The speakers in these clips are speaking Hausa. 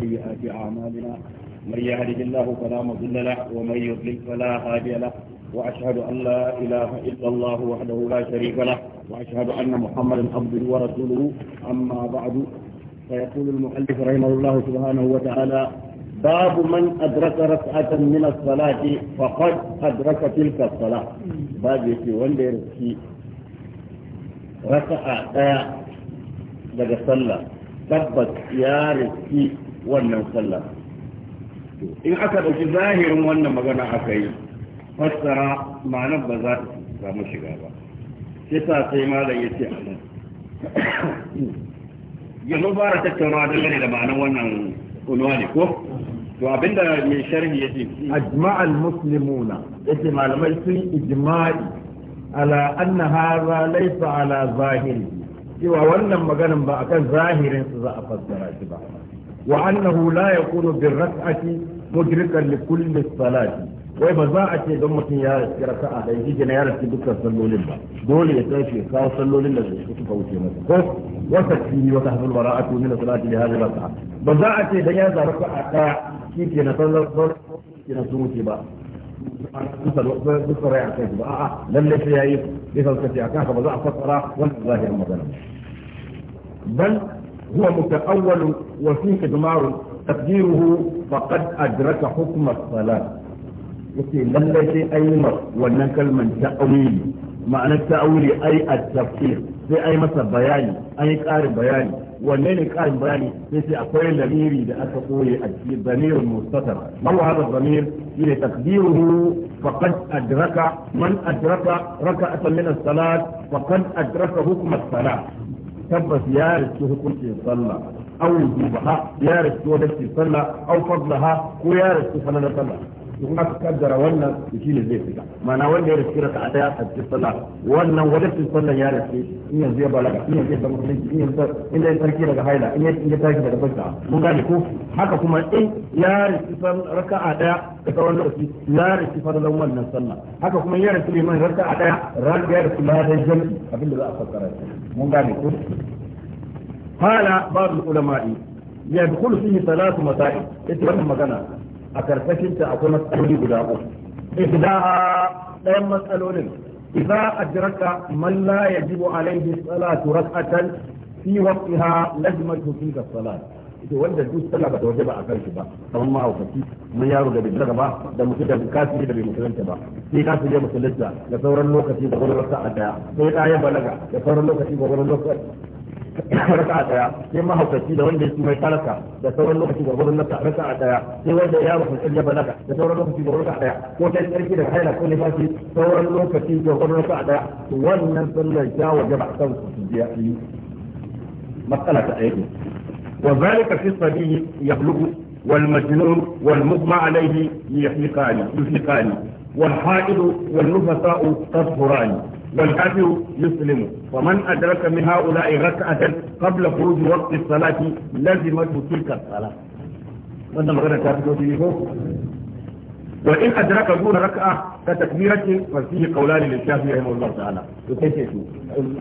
سيئات أعمالنا من يهده الله فلا مضل له ومن يضلل فلا هادي له وأشهد أن لا إله إلا الله وحده لا شريك له وأشهد أن محمدا عبده ورسوله أما بعد فيقول المؤلف رحمه الله سبحانه وتعالى باب من أدرك ركعة من الصلاة فقد أدرك تلك الصلاة باب يكي وندر في ركعة دقى صلى تبت يا رزقي wannan sallah in aka ɗauki zahirin wannan magana aka yi fassara ma'anar ba za ta samu shiga ba sai sa sai malam ya ce anan yanzu ba fara tattaunawa dangane da ma'anar wannan unwani ko to abinda mai sharhi yace ajma'al muslimuna yace malamai sun ijma'i ala anna hadha laysa ala zahiri cewa wannan maganan ba akan zahirin su za a fassara shi ba وأنه لا يكون بالركعة مدركا لكل الصلاة وإذا ما أتي يا ركعة يجي جنا يا ركعة بك صلوا لله دول يتأشي كاو صلوا لله كتب أوتي مصر وتكفيني وتحب المراءة من الصلاة لهذه الركعة بزاعة أتي دنيا ركعة كيف ينصل آه، آه. الصلاة كيف نصوتي با بصرا يعطيك با آآ لن يشي يعيب بصرا يعطيك با آآ بصرا يعطيك هو متأول وفيه إضمار تقديره فقد أدرك حكم الصلاة لم لن أي مر ونكل من تأويل معنى التأويل أي التفسير في أي مسا بياني أي كار بياني ونين كار بياني في أقوال أقوين لغيري دا الضمير المستطر ما هو هذا الضمير إلى تقديره فقد أدرك من أدرك ركعة من الصلاة فقد أدرك حكم الصلاة tabbas ya riske hukuncin sallah aw wujubaha ya riske wadatin sallah aw fadlaha ko ya riske falalar sallah in aka kaddara wannan shi ne zai fita mana wanda ya riski a daya a cikin sallah wannan cikin sallah ya riski in yanzu ya balaga in yanzu ya samu kuɗi in yanzu in ya sarki daga haila in ya tashi daga bacca mun gane ko haka kuma in ya raka a daya da tsawon lokaci ya riski farlan wannan sallah haka kuma ya riski liman a daya ran ya riski ladan jami'i abinda za a fassara mun gane ko قال بعض العلماء يدخل فيه ثلاث مسائل اتبعنا مكانا a ta akwai matsaloli guda uku ihdaha ɗayan matsalolin idza ajraka man la yajibu alayhi salatu rak'atan fi waqtiha najmatu fi salat ita wanda duk sallah ba ta wajaba a kanshi ba kamar mahaukaci mun yaro da bai ba da mutum da kafiri da bai musulunta ba sai kafiri da musulunta da sauran lokaci da sauran a daya sai ɗaya balaga da sauran lokaci da sauran lokaci raka'a daya sai mahaukaci da wanda yake mai talaka da sauran lokaci da gurin nasa raka'a daya sai wanda ya rufe kan jaba naka da sauran lokaci da raka'a daya ko sai sarki da haila ko nifasi sauran lokaci da gurin raka'a daya wannan sallar ya wajaba kan su biya yi matsala ta aiki وذلك في الصبي يبلغ والمجنون والمغمى عليه يحلقان يحلقان والحائض والنفساء تطهران والكافر يسلم ومن أدرك من هؤلاء ركعة قبل خروج وقت الصلاة لزمته تلك الصلاة وانا مغنى كافر وإن أدرك دون ركعة كتكبيرة ففيه قولان للشافعي رحمه الله تعالى يكيش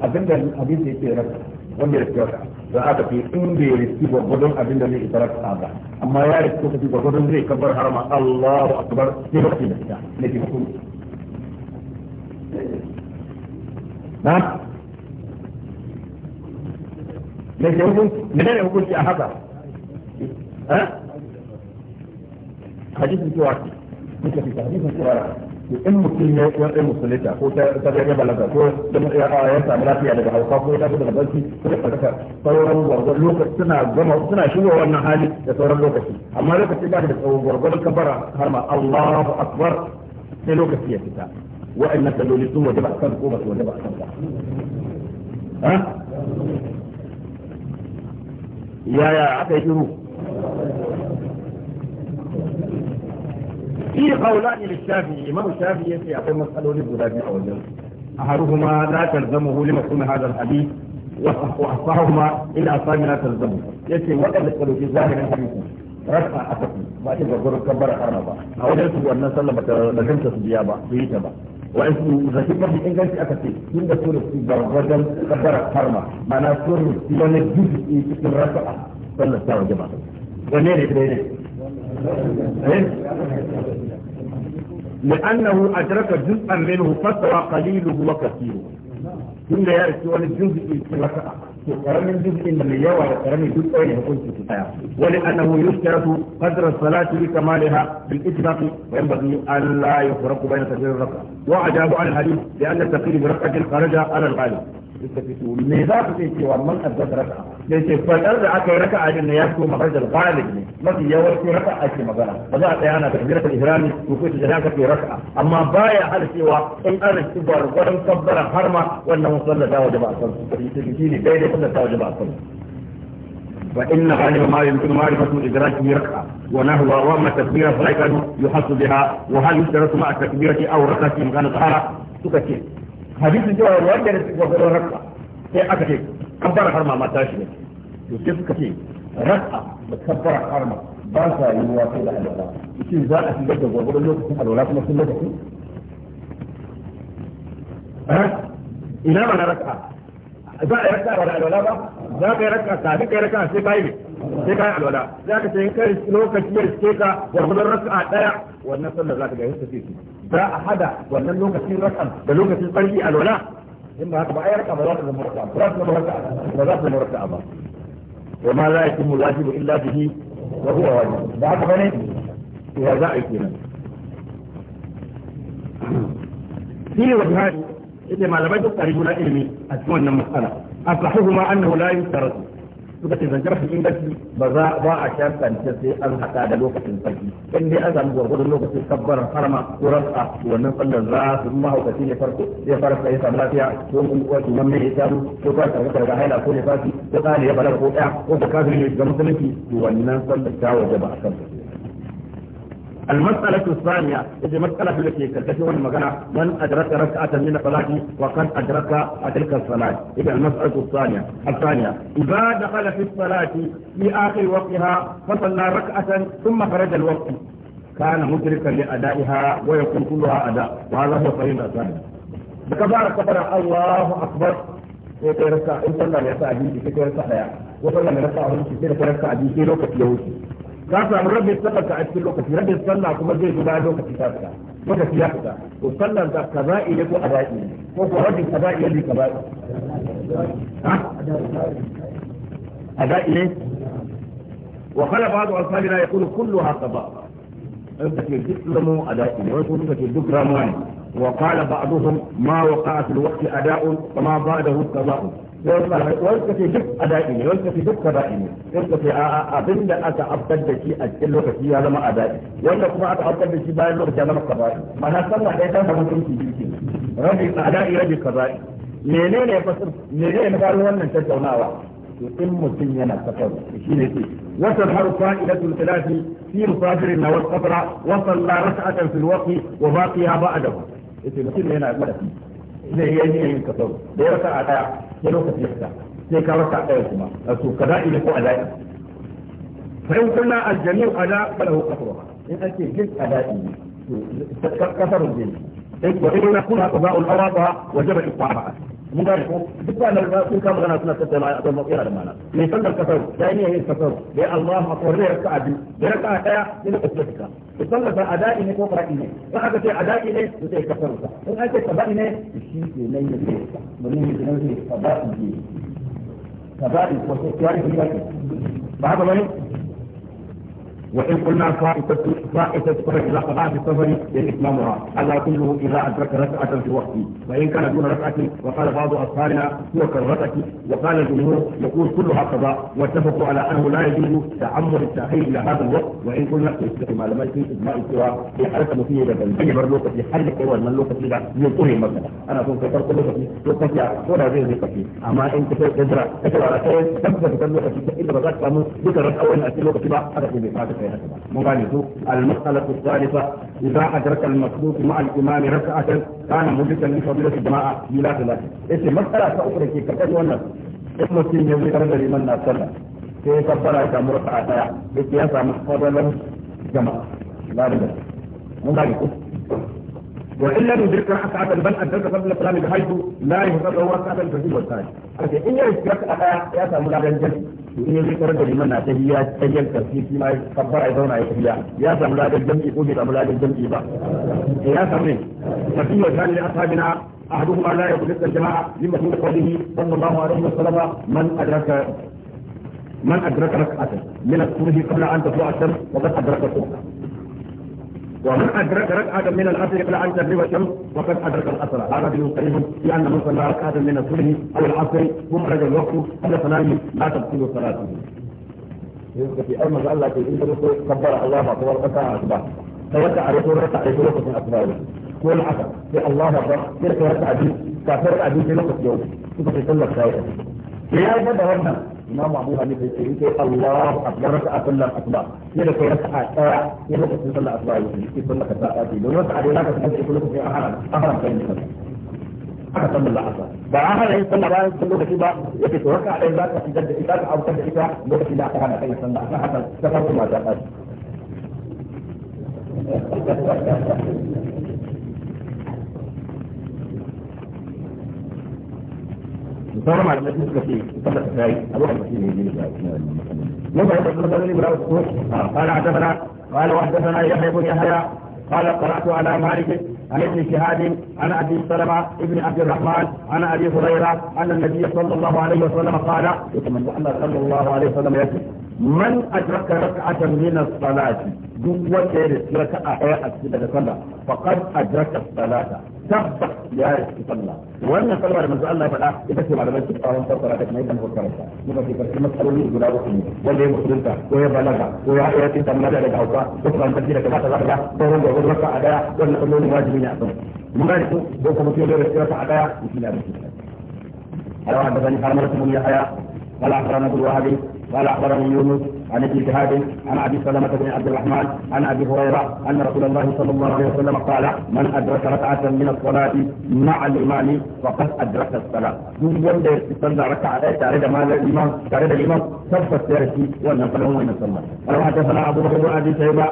أبن الحديث يكي ركعة wanda ya kyauta za a tafi in da ya riski gwagwadon abin da zai isa raka'a ba amma ya riski tafi gwagwadon zai kabar harama Allahu akbar sai ba da ita ne ke hukunci نعم ليس يمكن من اين يقول شيء هذا؟ ها؟ حديث في واحد مثل في حديث في واحد في ام مسلم يا ام مسلم هو تبع يا بلد هو لما يا يا تبع لا في هذا هو قاضي هذا هذا بس في هذا طور الله لوك سنا جمع سنا شو هو النهاية يطور لوك شيء اما لوك شيء بعد هو برضو الكبرى هرم الله اكبر في لوك شيء كتاب وإن التدولي سوى جبع صدق وبس وجبع اكثر ها يا يا عقيده في قولان للشافعي الإمام الشافعي في يقول مسألة للبلاد أو الجنة أحدهما لا تلزمه لمفهوم هذا الحديث وأصحهما الى اصحاب لا تلزمه يأتي وقد يقول في ظاهر الحديث رفع أسفل ba ta ga gurin kabbara harama ba a wajen su wannan sallah ba ta lazimta وإن ذكرت في إنجلس أكثر من دكتور السيدة وجل قدر الحرمة في الرسعة صلى الله عليه وسلم ونيري إيه؟ لأنه أدرك جزءا منه فترى قليله وكثيره ثم يأتي الجزء في الرسعة قرن الجزء اللي يوى قرن الجزء اللي يقول في الكتاب ولأنه يشترط قدر الصلاة لكمالها بالإطلاق وينبغي أن لا يفرق بين تفسير الركعة وأجاب عن الحديث لأن التفسير بركعة خرج على الغالب suka fito me za ku ce cewa man addasa raka da ce fadar da aka yi raka a din ya fito maharajar ghalib ne mafi yawanci raka ake magana ba za a tsaya ana takbira ta ihrami ko ko da haka ke raka amma baya hada cewa in ana ci gwargwaron kabbara har ma wannan sallata waje ba san shi ne daidai sallata waje ba san فإن غالب ما يمكن معرفة إدراكه ركعة ونهو وما التكبيرة فلا يحص بها وهل يدرس مع التكبيرة أو ركعة إن كانت أعرى تكتير hadisin cewa wanda da suka gudu rakka sai aka ce kabbara harma ma shi ne to sai suka ce rakka da kabbara harma ba sa yi wa sai da alwala shi za a shiga da gurgurun lokacin alwala kuma sun lokacin ina mana rakka za a raka wa alwala ba za ka yi raka kafin ka yi raka sai kai ne sai kai alwala za ka sai kai lokaci ya ce ka wannan raka daya wannan sallar za ka ga yadda take za a hada wannan lokacin rakan da lokacin farki alwala in ba haka ba ai raka ba za ta zama raka ba za ta zama raka ba za ta zama raka ba wa ma la yakimu wajibu illa bihi wa huwa wajib ba haka bane ya za a yi kenan shi ne wajen hari ita malamai duk ƙari na ilimi a cikin wannan matsala asahu ma annahu la yusarru suka ce zanjar hakin gaci ba za ba a shantance sai an haɗa da lokacin sarki in dai an samu gwargwadon lokacin tabbar harma ko a wannan sallar za su mahaukaci ne farko zai fara sai samu lafiya ko kuwa ko nan mai ya samu ko ba ta ga haila ko ne fasi ko tsari ya balaga ko ɗaya ko da kafin ne ga musulunci wannan sallar ta waje ba a su المسألة الثانية إذا مسألة التي تلتفي المكان من أدرك ركعة من الصلاة وقد أدرك تلك الصلاة إذا المسألة الثانية الثانية إذا دخل في الصلاة في آخر وقتها فصلى ركعة ثم خرج الوقت كان مدركا لأدائها ويكون كلها أداء وهذا هو صحيح الثاني بكبار كبر الله أكبر sai إن صلى in sallah ya sa ركعة sai kai rasa daya ركعة sallah ya rasa abinci ka samu rabin sallar ka a cikin lokaci rabin sallah kuma zai guda lokaci ta fita lokaci ya fita to sallar ka kaza'i ne ko ada'i ko ko rabin kaza'i ne kaza'i ada'i ne wa kala ba'du ashabina yaqulu kulluha qada kake duk ramu ada'i ne wai ko kake duk ramuwa ne وقال بعضهم ما وقع في الوقت أداء وما بعده قضاء والكفي دك أدائني والكفي دك كبائني والكفي أبن دا أتا أبدا دا شيء أجل لك شيء ما أدائي والكفي ما أتا أبدا دا ما كبائي ما نصر في جيكي ربي أدائي ربي كبائي منين يفسر منين يفسر وانا تجعونا وعا يتم مسلمين السفر يشيني وصل حرفا إلى الثلاث في مصادر النوى الصفرة وصل ركعة في الوقت وباقيها بعده zai yi yanki yin kasar da ya rasa a ɗaya sai lokaci ya fita sai ka rasa a daya kuma a su kaza ne ko a daɗi fa in kunna aljami'u ala falahu qasruha in ake jin a daɗi to kasarun jin in kuna kuna qada'ul arada wajaba iqama'a mun gane ko duk ba nan sun kama gana suna tattauna a kan yana da mana mai sallar kasar da ya yin kasar da Allahu akbar da raka'a biyu da raka'a daya ne da kusurka to sallar da adai ne ko fara'i ne in aka ce adai ne to sai kasar ka in aka ce kaba'i ne shi ke nan ne ka mun yi nan ne kaba'i ne kaba'i ko sai ya yi ba haka bane وإن قلنا فائتة فائتة سفر إلى قضاء السفر لإتمامها ألا كله إذا أدرك ركعة في وقته فإن كان دون ركعة وقال بعض أصحابنا هو كالركعة وقال الجمهور يقول كلها قضاء واتفقوا على أنه لا يجوز تعمد التأخير إلى هذا الوقت وإن قلنا في معلومات إجماع السواء في حركة مفيدة أي مرلوكة في حل حالة أول في إلى ينتهي مثلا أنا كنت في فرق لوكة لوكة ولا غير لوكة أما أنت تزرع تزرع على كيف تبدأ في لوكة إلا بذلك أمو ذكرت أول أسئلة لوكة بعد أدخل بإبعادك kai haka ba mun gane to al-mas'alatu adraka al ma al-imam rak'atan kana mudikan li jama'a ila salati yace mas'ala ta uku da ke karkashin wannan in mutum ya liman na sallah sai ya kabbara ya samu raka'a daya ya samu fadlan jama'a la mun gane وإلا ندرك يدرك حتى بل أدرك قبل الكلام بحيث لا يهتم هو أحد الفريق والثاني. لكن إن يدرك يا يأتى لا الجنة إن يدرك رجل لمن أتهيا تجي التركيز فيما يكبر أيضا يا يأتى لا الجنة يقول إلى لا الجنة بقى. يا سامي الفريق وجهان لأصحابنا أحدهما لا لك الجماعة لما في قوله صلى الله عليه وسلم من أدرك من أدرك ركعة من الصبح قبل أن تطلع الشمس وقد أدرك الصبح. ومن أدرك ركعة من الأصل قبل أن تغرب الشمس وقد أدرك الأصل هذا دليل قريب لأن من صلى ركعة من الصبح أو العصر ثم رجع الوقت قبل صلاته لا تبطل صلاته. في أول ما في لك إن كبر الله أكبر ركعة أكبر فوقع رسول ركعة في وقت أكبر كل عصر في الله أكبر تلك ركعة دي كافر ركعة دي في وقت يوم تبقى يصلى الشاي. يا بدر ربنا imamu abu hanifa ce yake Allahu akbar raka'a sallar asuba sai da kai raka'a daya sai lokacin sallar asuba yake sai sallar ka ta ce don raka'a dai zaka san sai lokacin an haram an haram kai ne aka san Allah asa ba an hana yin sallah bayan sun lokaci ba yake to raka'a dai zaka fitar da ita ka autar da ita lokacin da aka hana kai sallah aka haka ta farko ma ta ce sauran malamai sun suka ce قال قرأت على مالك عن ابن شهاب عن ابي سلمه ابن عبد الرحمن عن ابي هريره ان النبي صلى الله عليه وسلم قال يتمنى الله صلى الله عليه وسلم يكتب من أدرك ركعة من الصلاة دون وتر ركعة هي أسجد الصلاة فقد أدرك الصلاة تبت يا صلى وأن صلى على منزل الله فلا يبكي على من سبحانه وتعالى صلاة ما يبنى وكرسة يبكي في مسألة من جلال وحيني واللي مسلمة وهي بلغة وهي آيات تمنى لك أوقات أخرى من تجيلك بعد ذلك فهم يقول ركعة أداء والأمور واجبين أعظم لذلك دوكم في ركعة أداء مثل هذا على واحد بني حرمة بن يحيى قال اخبرنا ابو وهب قال اخبرني يونس عن ابن شهاب عن ابي سلمه بن عبد الرحمن عن ابي هريره ان رسول الله صلى الله عليه وسلم قال من ادرك ركعه من الصلاه مع الامام فقد ادرك الصلاه من يوم يصلى ركعه تعرض مع الامام تعرض الامام صفت سيرتي وانا فلهم وين صلى قال حدثنا ابو بكر بن ابي شيبه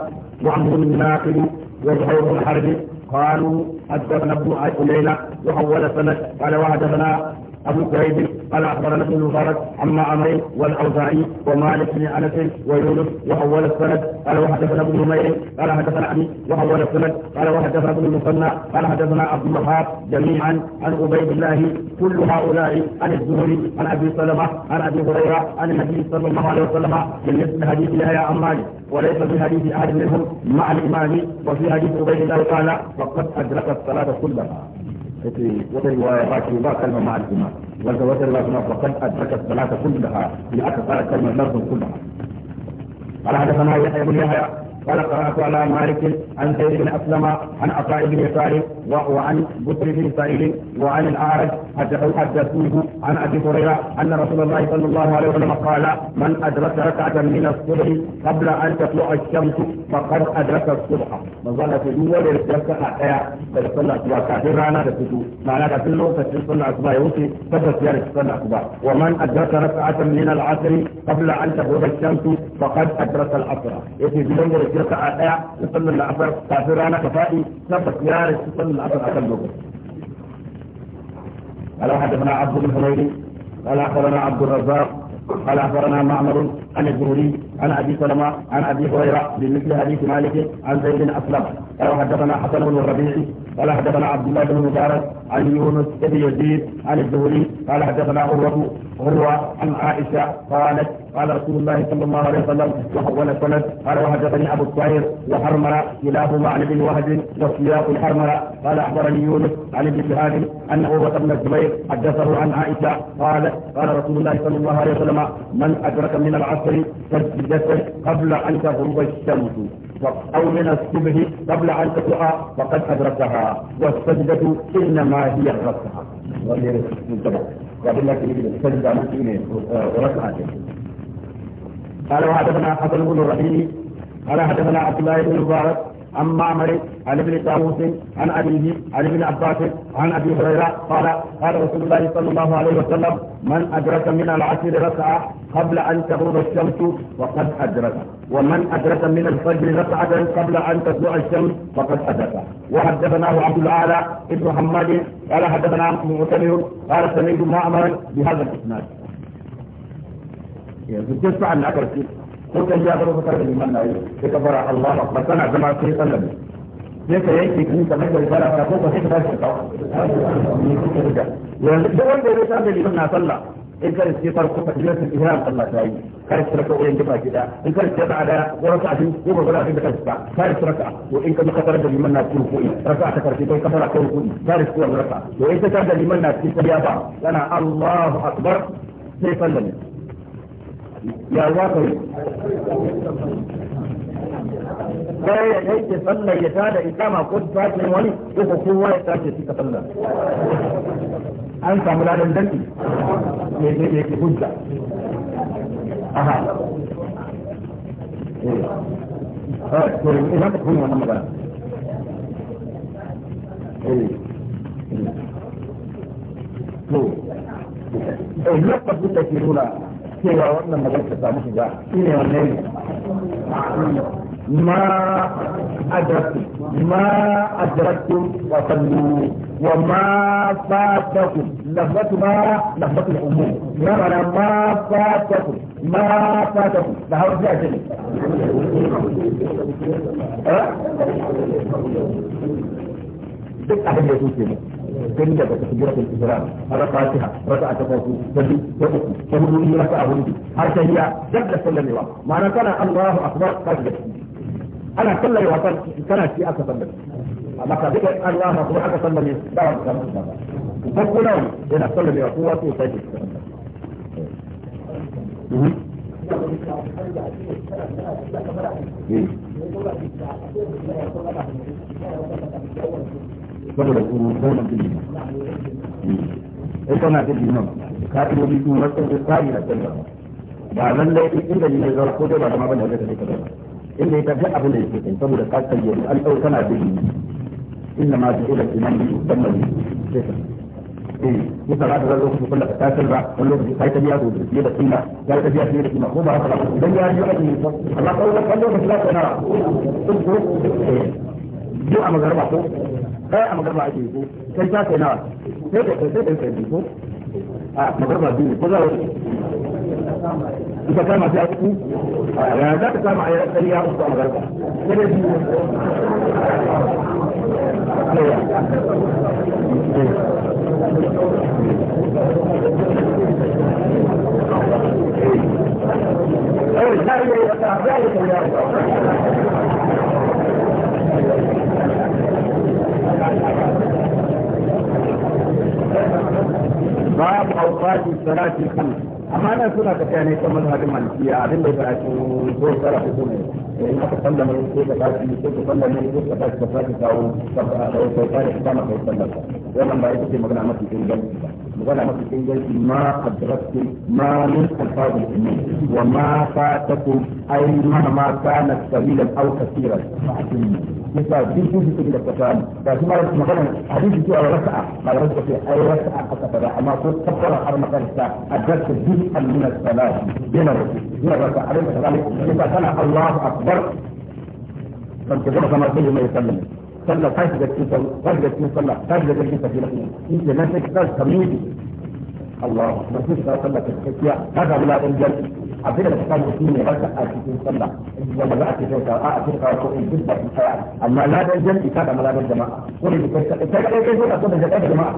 وعمرو بن ناقد وزهير بن حرب قالوا حدثنا ابن ليلى وحول سند قال وحدثنا أبو كريب قال أخبرنا ابن مبارك عما عمري والأوزاعي ومالك بن أنس ويونس وأول السند قال وحدثنا ابن نمير قال حدثنا أبي وأول السند قال وحدثنا ابن المثنى قال حدثنا عبد الوهاب جميعا عن عبيد الله كل هؤلاء عن الزهري عن أبي سلمة عن أبي هريرة عن النبي صلى الله عليه وسلم من مثل حديث يحيى عن مالك وليس في حديث أحد منهم مع الإمام وفي حديث عبيد الله قال فقد أدرك الصلاة كلها مثل وترواية فاتي وضع كلمة مع الجماعة وترواية كلمة وقد أدرك الصلاة كلها لأكثر الكلمة لفظ كلها قال حدثنا يحيى بن يحيى قال قرات على مالك عن زيد بن اسلم عن عطاء بن يسار وعن بكر بن سائل وعن الاعرج حدثوه عن ابي هريره ان رسول الله صلى الله عليه وسلم قال من ادرك ركعه من الصبح قبل ان تطلع الشمس فقد أدرك الصبح مظلة تدو ولرسلسة أحياء فتصلى أصبع كافر رانا تدو معنى كافر لو فتصلى أصبع يوتي فتصلى يرسلسة أصبع ومن أدرك ركعة من العصر قبل أن تغرب الشمس فقد أدرك العصر في بدون ولرسلسة أحياء تصلى العصر كافر رانا كفائي فتصلى يرسلسة العصر أكل قال حدثنا عبد الحميدي قال أخبرنا عبد الرزاق قال أخبرنا معمر عن الزهري عن ابي سلمه عن ابي هريره بمثل حديث مالك عن زيد بن اسلم قال حدثنا حسن بن الربيع قال حدثنا عبد الله بن مبارك عن يونس بن يزيد عن الزهري قال حدثنا عروه عروه عن عائشه قالت قال رسول الله صلى الله عليه وسلم وحول السند قال وحدثني ابو الطير وحرمله كلاهما عن ابن وهب وسياق الحرمله قال اخبرني يونس عن ابن شهاب ان عروه بن الزبير حدثه عن عائشه قالت قال رسول الله صلى الله عليه وسلم من ادرك من العصر العصر سجدة قبل أن تغرب الشمس أو من الصبح قبل أن تقع فقد أدركها والسجدة إنما هي الركعة وغير لك السجدة مسؤولين وركعتين قال وحدثنا حسن بن الرحيم قال حدثنا عبد الله بن مبارك عن معمر عن ابن طاووس عن أبيه عن ابن عباس عن أبي هريرة قال قال رسول الله صلى الله عليه وسلم من أدرك من العشر ركعة قبل أن تغرب الشمس فقد أدرك ومن أدرك من الفجر ركعة قبل أن تطلع الشمس فقد أدرك وحدثناه عبد الأعلى ابن حماد قال حدثنا معتمر قال سمعت معمرا بهذا الإسناد. يعني عن أكثر ko kai ya baro ka da liman nayi sai ka fara Allah ba kana zama sai sallama sai ka yanke kin ka mai fara ka ko sai ka tashi ka yanzu duk wanda ya san da liman na sallah in kar sai farko ka jira ta ihram Allah ta yi kar sai ka oyin gaba gida in kar sai da wani ka abin ko ba da ka ka kar sai ka to in ka makar da liman na cikin koyi raka ta karfi kai kafara kai koyi kar sai ka raka to in ka da liman na cikin ya ba yana Allahu akbar sai sallama ya za ka yi sai ya yanke sallar ya tada ikama ko ta tashi wani ko ko kowa ya tashi suka sallar an samu ladan danki ne ne ne ke hujja aha eh ha to ina ka kuma wannan magana eh to eh lokacin da ke nuna cewa wannan da ta samu shiga shine wanne ne ma adrakti ma adrakti wa sallu wa ma fatakum lafzatu ma lafzatu umum ya mana ma fatakum ma fatakum da hawa zai ajiye duk abin da ya tun daga takbiratul ihram har fatiha raka'a ta farko ta biyu ta uku ta hudu raka'a hudu har ta hiya duk da sallamewa ma'ana kana Allahu akbar ka shiga ana sallamewa kana ci aka sallame amma ka duka Allahu akbar aka sallame ba wa ka Mm-hmm. saboda gona gini ita na gidi nan ka iya bi kuma wasu da tsari da tsari ba nan da yake inda ne zai ko da ba da ma bane da take da inda ya tafi abin da yake kai saboda ka san yau an dau kana gidi inna ma ta ila iman bi dan eh yasa za ka ga lokacin kullu ka tasir ba wani lokaci sai ta biya ko da da kima ya ta biya da kima ko ba haka ba dan ya ji aji Allah ka ga kallon da ka na ko duk a magarba ko ɗaya a magarba ake ko sai ta kai nawa sai ka sai ka kai ko a magarba biyu ko za ka kama sai a ku ya za ka kama a yar ya ku a magarba sai da biyu باب اوقات الصلاه الخمس amma nan suna tafiya ne kan mazhabin malikiya abin da ba a cikin zuwa tsara hukum ne eh, in aka sallama ne ko ka tashi ko ka sallama ne ko ka tashi ka sake kawo ka kawo ka tashi ba ita magana mafi inganci ba ولا حقيقة ما أدركت ما من ألفاظ الإيمان وما فاتكم أي مهما كانت قليلا أو كثيرا مثال دي شو في كتاب مثلا حديث في أول ما رأيت في أي ركعة أكبر أما كنت تقرأ على الساعة أدركت جزءا من الصلاة بين الركعة بين الركعة عليك كذلك الله أكبر صلى فاش ده كتير فاش ده كتير صلى فاش ده كتير صلى انت ما تقدر تميدي الله ما فيش ده صلى كتير هذا ولا انجل عبد الله كان مسلم يبدا كتير صلى لما بقى كتير اه كتير قالوا ان جدا في الحياه اما لا انجل كان لا الجماعه كل اللي كتير كتير كتير كتير جماعه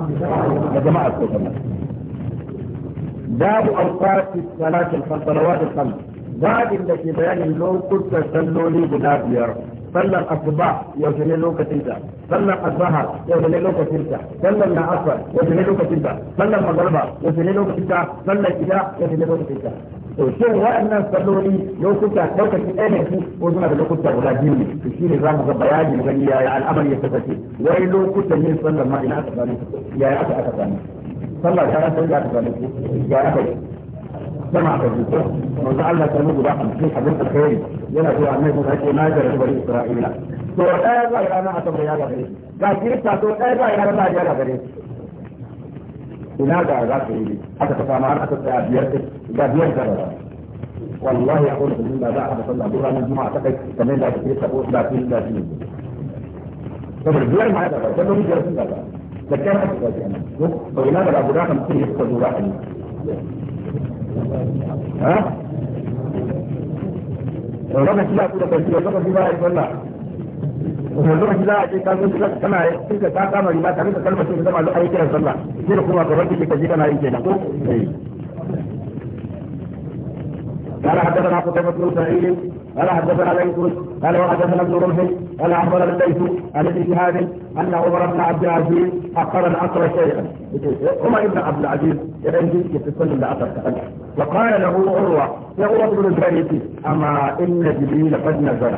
يا جماعه كتير باب اوقات الصلاه الخمس صلوات الخمس باب التي بيان لو كنت صلوا لي بلا sallar asuba yaushe ne lokacin ta sallar azhar yaushe ne lokacin ta sallar la'asar yaushe ne lokacin ta sallar magriba yaushe ne lokacin ta sallar isha yaushe ne lokacin ta to shin waɗannan salloli lokuta lokaci ɗaya ne su ko suna da lokuta guda biyu ne to shine za mu ga bayanin gani yaya al'amari ya kasance wai lokutan yin sallar ma ina aka sami yaya aka aka sami sallar ta aka sami aka sami yaya aka yi سمع تجربه وجعلنا تنوب بعض في حديث الخير لنا في عمله هذه ما جرى في بني اسرائيل تو ايضا الى ما اتم رياضه غريب قال كيف تعطوا ايضا الى ما رياضه غريب هناك اعزاء كريمي حتى تسامع عن اتم والله يقول في المنبع ذا احد صلى الله عليه وسلم اعتقد كمين لا تكريب تقول لا تين لا تين طب الجوار ما هذا غريب تبني جرسين ذا ذا تكيب حتى تسامع ولماذا الابو داخل مستهي يفتزوا راحل ha raba shi ku da kwanciyar raba shi ba a yi sallah kuma raba shi za a ce ka zo shiga kana yi ka ta kama riba tare da kalmar zama a yi kiran sallah da kuma kana yi kenan ko قال حدثنا قتيبة بن سعيد قال حدثنا الايسرس قال وحدثنا ابن رمح قال اخبرنا الليث عن ابن شهاب ان عمر بن عبد العزيز اقر العصر شيئا عمر بن عبد العزيز يبين جزء يتسلم لعصر وقال له عروه يا عروه بن الزبير اما ان جبريل قد نزل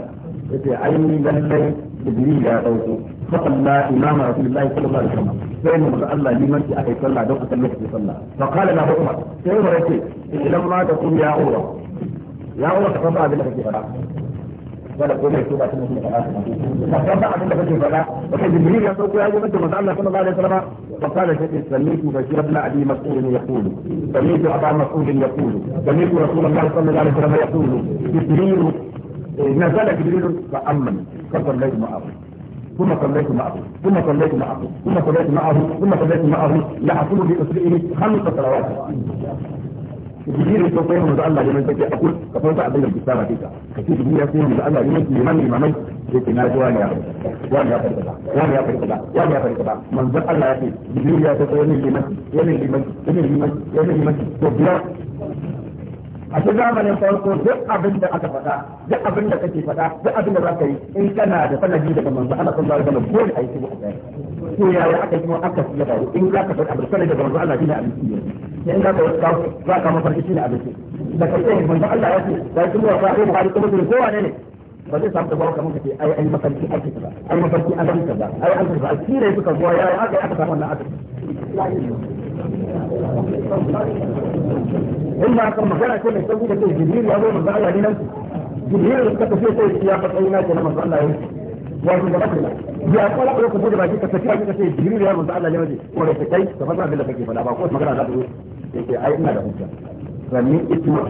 اي نزل جبريل يا غوث فقال امام رسول الله صلى الله عليه وسلم فإن قال الله لمن في أخي صلى دقة المسجد صلى فقال له عمر يا عمر يا لما تقول يا عروه يا الله تقطع بالتي فلا ولقد كتب ثم فقطع بالتي فلا وكجبريل يسوق يا جماعه ما الله صلى الله عليه وسلم فقال شيخ سميت بشير بن ابي مسعود يقول سميت ابا مسعود يقول سميت رسول الله صلى الله عليه وسلم يقول جبريل إيه، نزل جبريل فامن فصليت معه ثم صليت معه ثم صليت معه ثم صليت معه ثم صليت معه يعقل باسرائيل خمس صلوات jibirin sun sai manzo Allah liman take a kun ka fanta abin da kisa ba kika kace jibirin ya sai manzo Allah liman liman liman yake na ji wani ya wani ya farka wani ya farka wani ya farka manzo Allah ya ce jibirin ya sai wani liman wani liman wani liman wani liman to biyar a ta zamanin farko duk abin da aka faɗa duk abin da kake faɗa duk abin da za ka yi in kana da sanadi daga manzo Allah sallallahu alaihi wasallam dole a yi shi a to yaya aka kuma aka fi da in za ka faɗa abin sanadi daga manzo Allah shine abin ne in za ka wasu za ka mafarki shine abin da kake manzo Allah ya ce da kuma wa sahibi Bukhari kuma kowa ne ne ba zai samu tabaraka mun kace ai ai mafarki ake kaza ai mafarki an kaza ba ai an kaza ai kire suka zuwa ya aka aka samu wannan aka in ba kan magana ce mai sauki da ke jibril ya zo manzo Allah ne nan jibril da ka fice sai ya faɗa ina ce na manzo Allah ne wato da kake ya kala ko ka bude baki ka tafi ka ce jibril ya manzo Allah ne waje ko da kai ka fasa abin da kake faɗa ba ko magana za ta zo yake ai ina da hujja sanni isma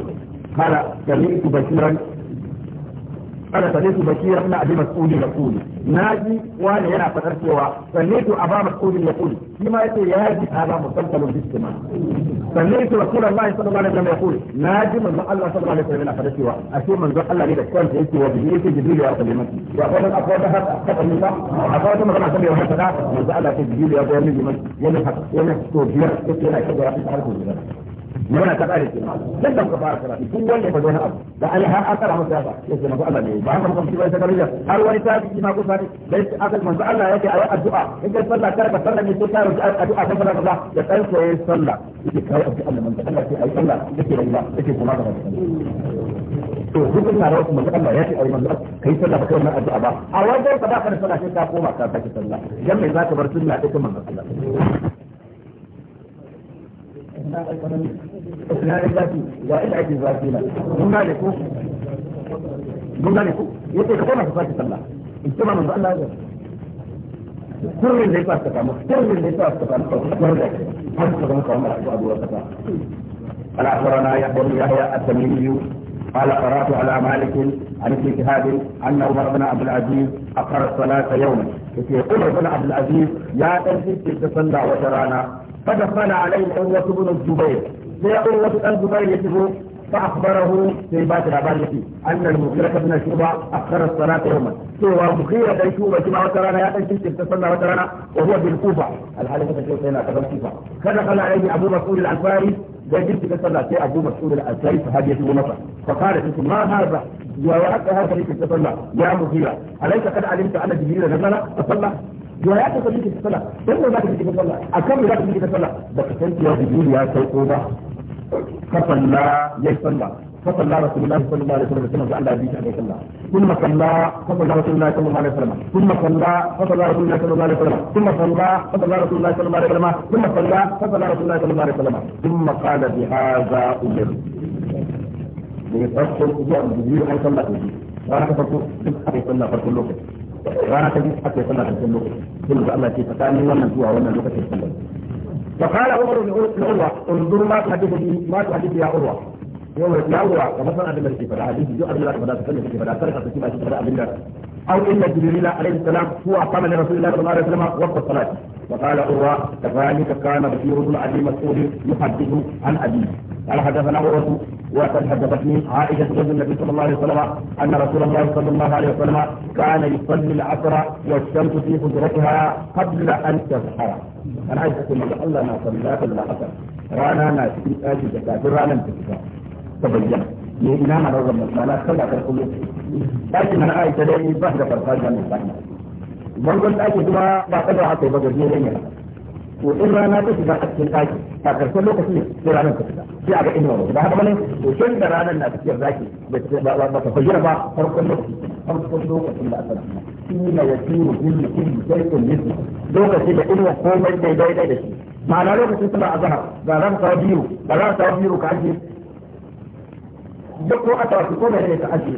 kala sanni bashiran قال سمعت بشير بن ابي مسعود يقول ناجي وانا هنا فكرت سوى سمعت ابا مسعود يقول فيما ياتي هذا مسلسل بالاجتماع سمعت رسول الله صلى الله عليه وسلم يقول ناجي من الله صلى الله عليه وسلم فكرت سوى اشياء من ذو الله اذا كان في اسمه وبه جبريل يا كلمتي واقول اقوال هذا اقوال الله اقوال ما كان سمي وهذا ذا من ذا الله في جبريل يا كلمتي يمحك يمحك يمحك يمحك يمحك يمحك يمحك muna ta kare ke dan da muka fara karatu kun wanda ka zauna abu da Allah har an kara masa ya ce manzo Allah ne ba haka muka ci bai sakar ya har wani ta ji ma kusa ne dai aka manzo Allah yake ayi addu'a in kai sallah kar ka sallah ne sai ka roki addu'a kan sallah kaza ya kai ko yayi sallah yake kai addu'a Allah manzo Allah sai ayi sallah yake rayuwa yake kuma da to hukun tare wasu manzo Allah yake ayi manzo kai sallah ba kai wannan addu'a ba a wajen ka ba ka sallah sai ka koma ka sake sallah dan me za ka bar sunna ita manzo Allah اسم هذا الذاتي وإن عدي الذاتي لا من مالك من مالك يقول خطونا في فاتحة الله انتما من ظل هذا كل من ليس أستطاع كل من ليس أستطاع مرجع هل تستطيع مكوام رأيه أبو أستطاع على أخرانا يقول يحيى التميمي قال قرأت على مالك عن ابن شهاب أن عمر بن عبد العزيز أقر الصلاة يوما يقول عمر بن عبد العزيز يا أنت تصلى وترانا فدخل عليه عروة بن الزبير يا عروة الزبير يجب فأخبره في بات الأبارية أن المغيرة بن شعبة أخر الصلاة يوما سوى مخيرة بن شعبة كما وترانا يا أخي كنت تصلى وترانا وهو بالكوفة الحالة تشوف هنا كما الكوفة فدخل عليه أبو مسعود الأنصاري جئت تصلى في أبو مسعود الأنصاري فهديت مصر فقال ما هذا يا وأنت هذا الذي تصلى يا مخيرة أليس قد علمت أن جبريل نزل فصلى ya ya ta sabi ta don ne za ta sabi ta a kan ne za ta sabi ta sala ba ka san cewa jibiru ya sauko yi salla ka salla ba su bi lafi salla da kuma sunan ga Allah bi ta ne salla kun ma salla ba su bi lafi salla da ma salla ba su bi lafi salla ma salla ba su bi lafi salla ma salla ba su bi lafi salla ma kada ba su bi lafi salla da kuma ba ka fa ko duk a kai lokaci rana ta biyu ake sallah cikin lokaci sun da Allah tsakanin wannan zuwa wannan lokacin sallah فقال عمر لعروة انظر ما تحدث ما تحدث يا عروة يوم يا عروة كما سمعت من الكفر هذه جو أبي الله فلا تكلم في الكفر ترك تكلم في الكفر أبي الله أو إن جبريل عليه السلام هو أقام لرسول الله صلى الله عليه وسلم وقت الصلاة وقال عروة كذلك كان بشير بن أبي مسعود يحدث عن أبيه قال حدثنا رسول وقد حدثتني عائشة زوج النبي صلى الله عليه وسلم أن رسول الله صلى الله عليه وسلم كان يصلي العصر والشمس في قدرتها قبل أن تظهر أنا عايز أقول لك الله ما صلى العصر رانا في آتي زكاة رانا تبين ya ina na rawar mai mana sai da farko ɗakin na aisha dai ba da farfajiya mai fahimta bangon ɗaki kuma ba ƙasa haka ba gajeren yana to in rana ta shiga a cikin ɗaki a ƙarshen lokacin sai ranar ta shiga sai a ga inuwa ba haka bane to sai da ranar na tafiyar zaki ba ba ta fayyar ba farkon lokaci farkon lokacin da aka shi ne ya tiru kullu kullu sai kun nufi lokacin da inuwa komai daidai da shi ma'ana lokacin sallar azhar ga ran ta biyu ga ran ta biyu ka ajiye duk ko aka wasu ko da ne ta ajiye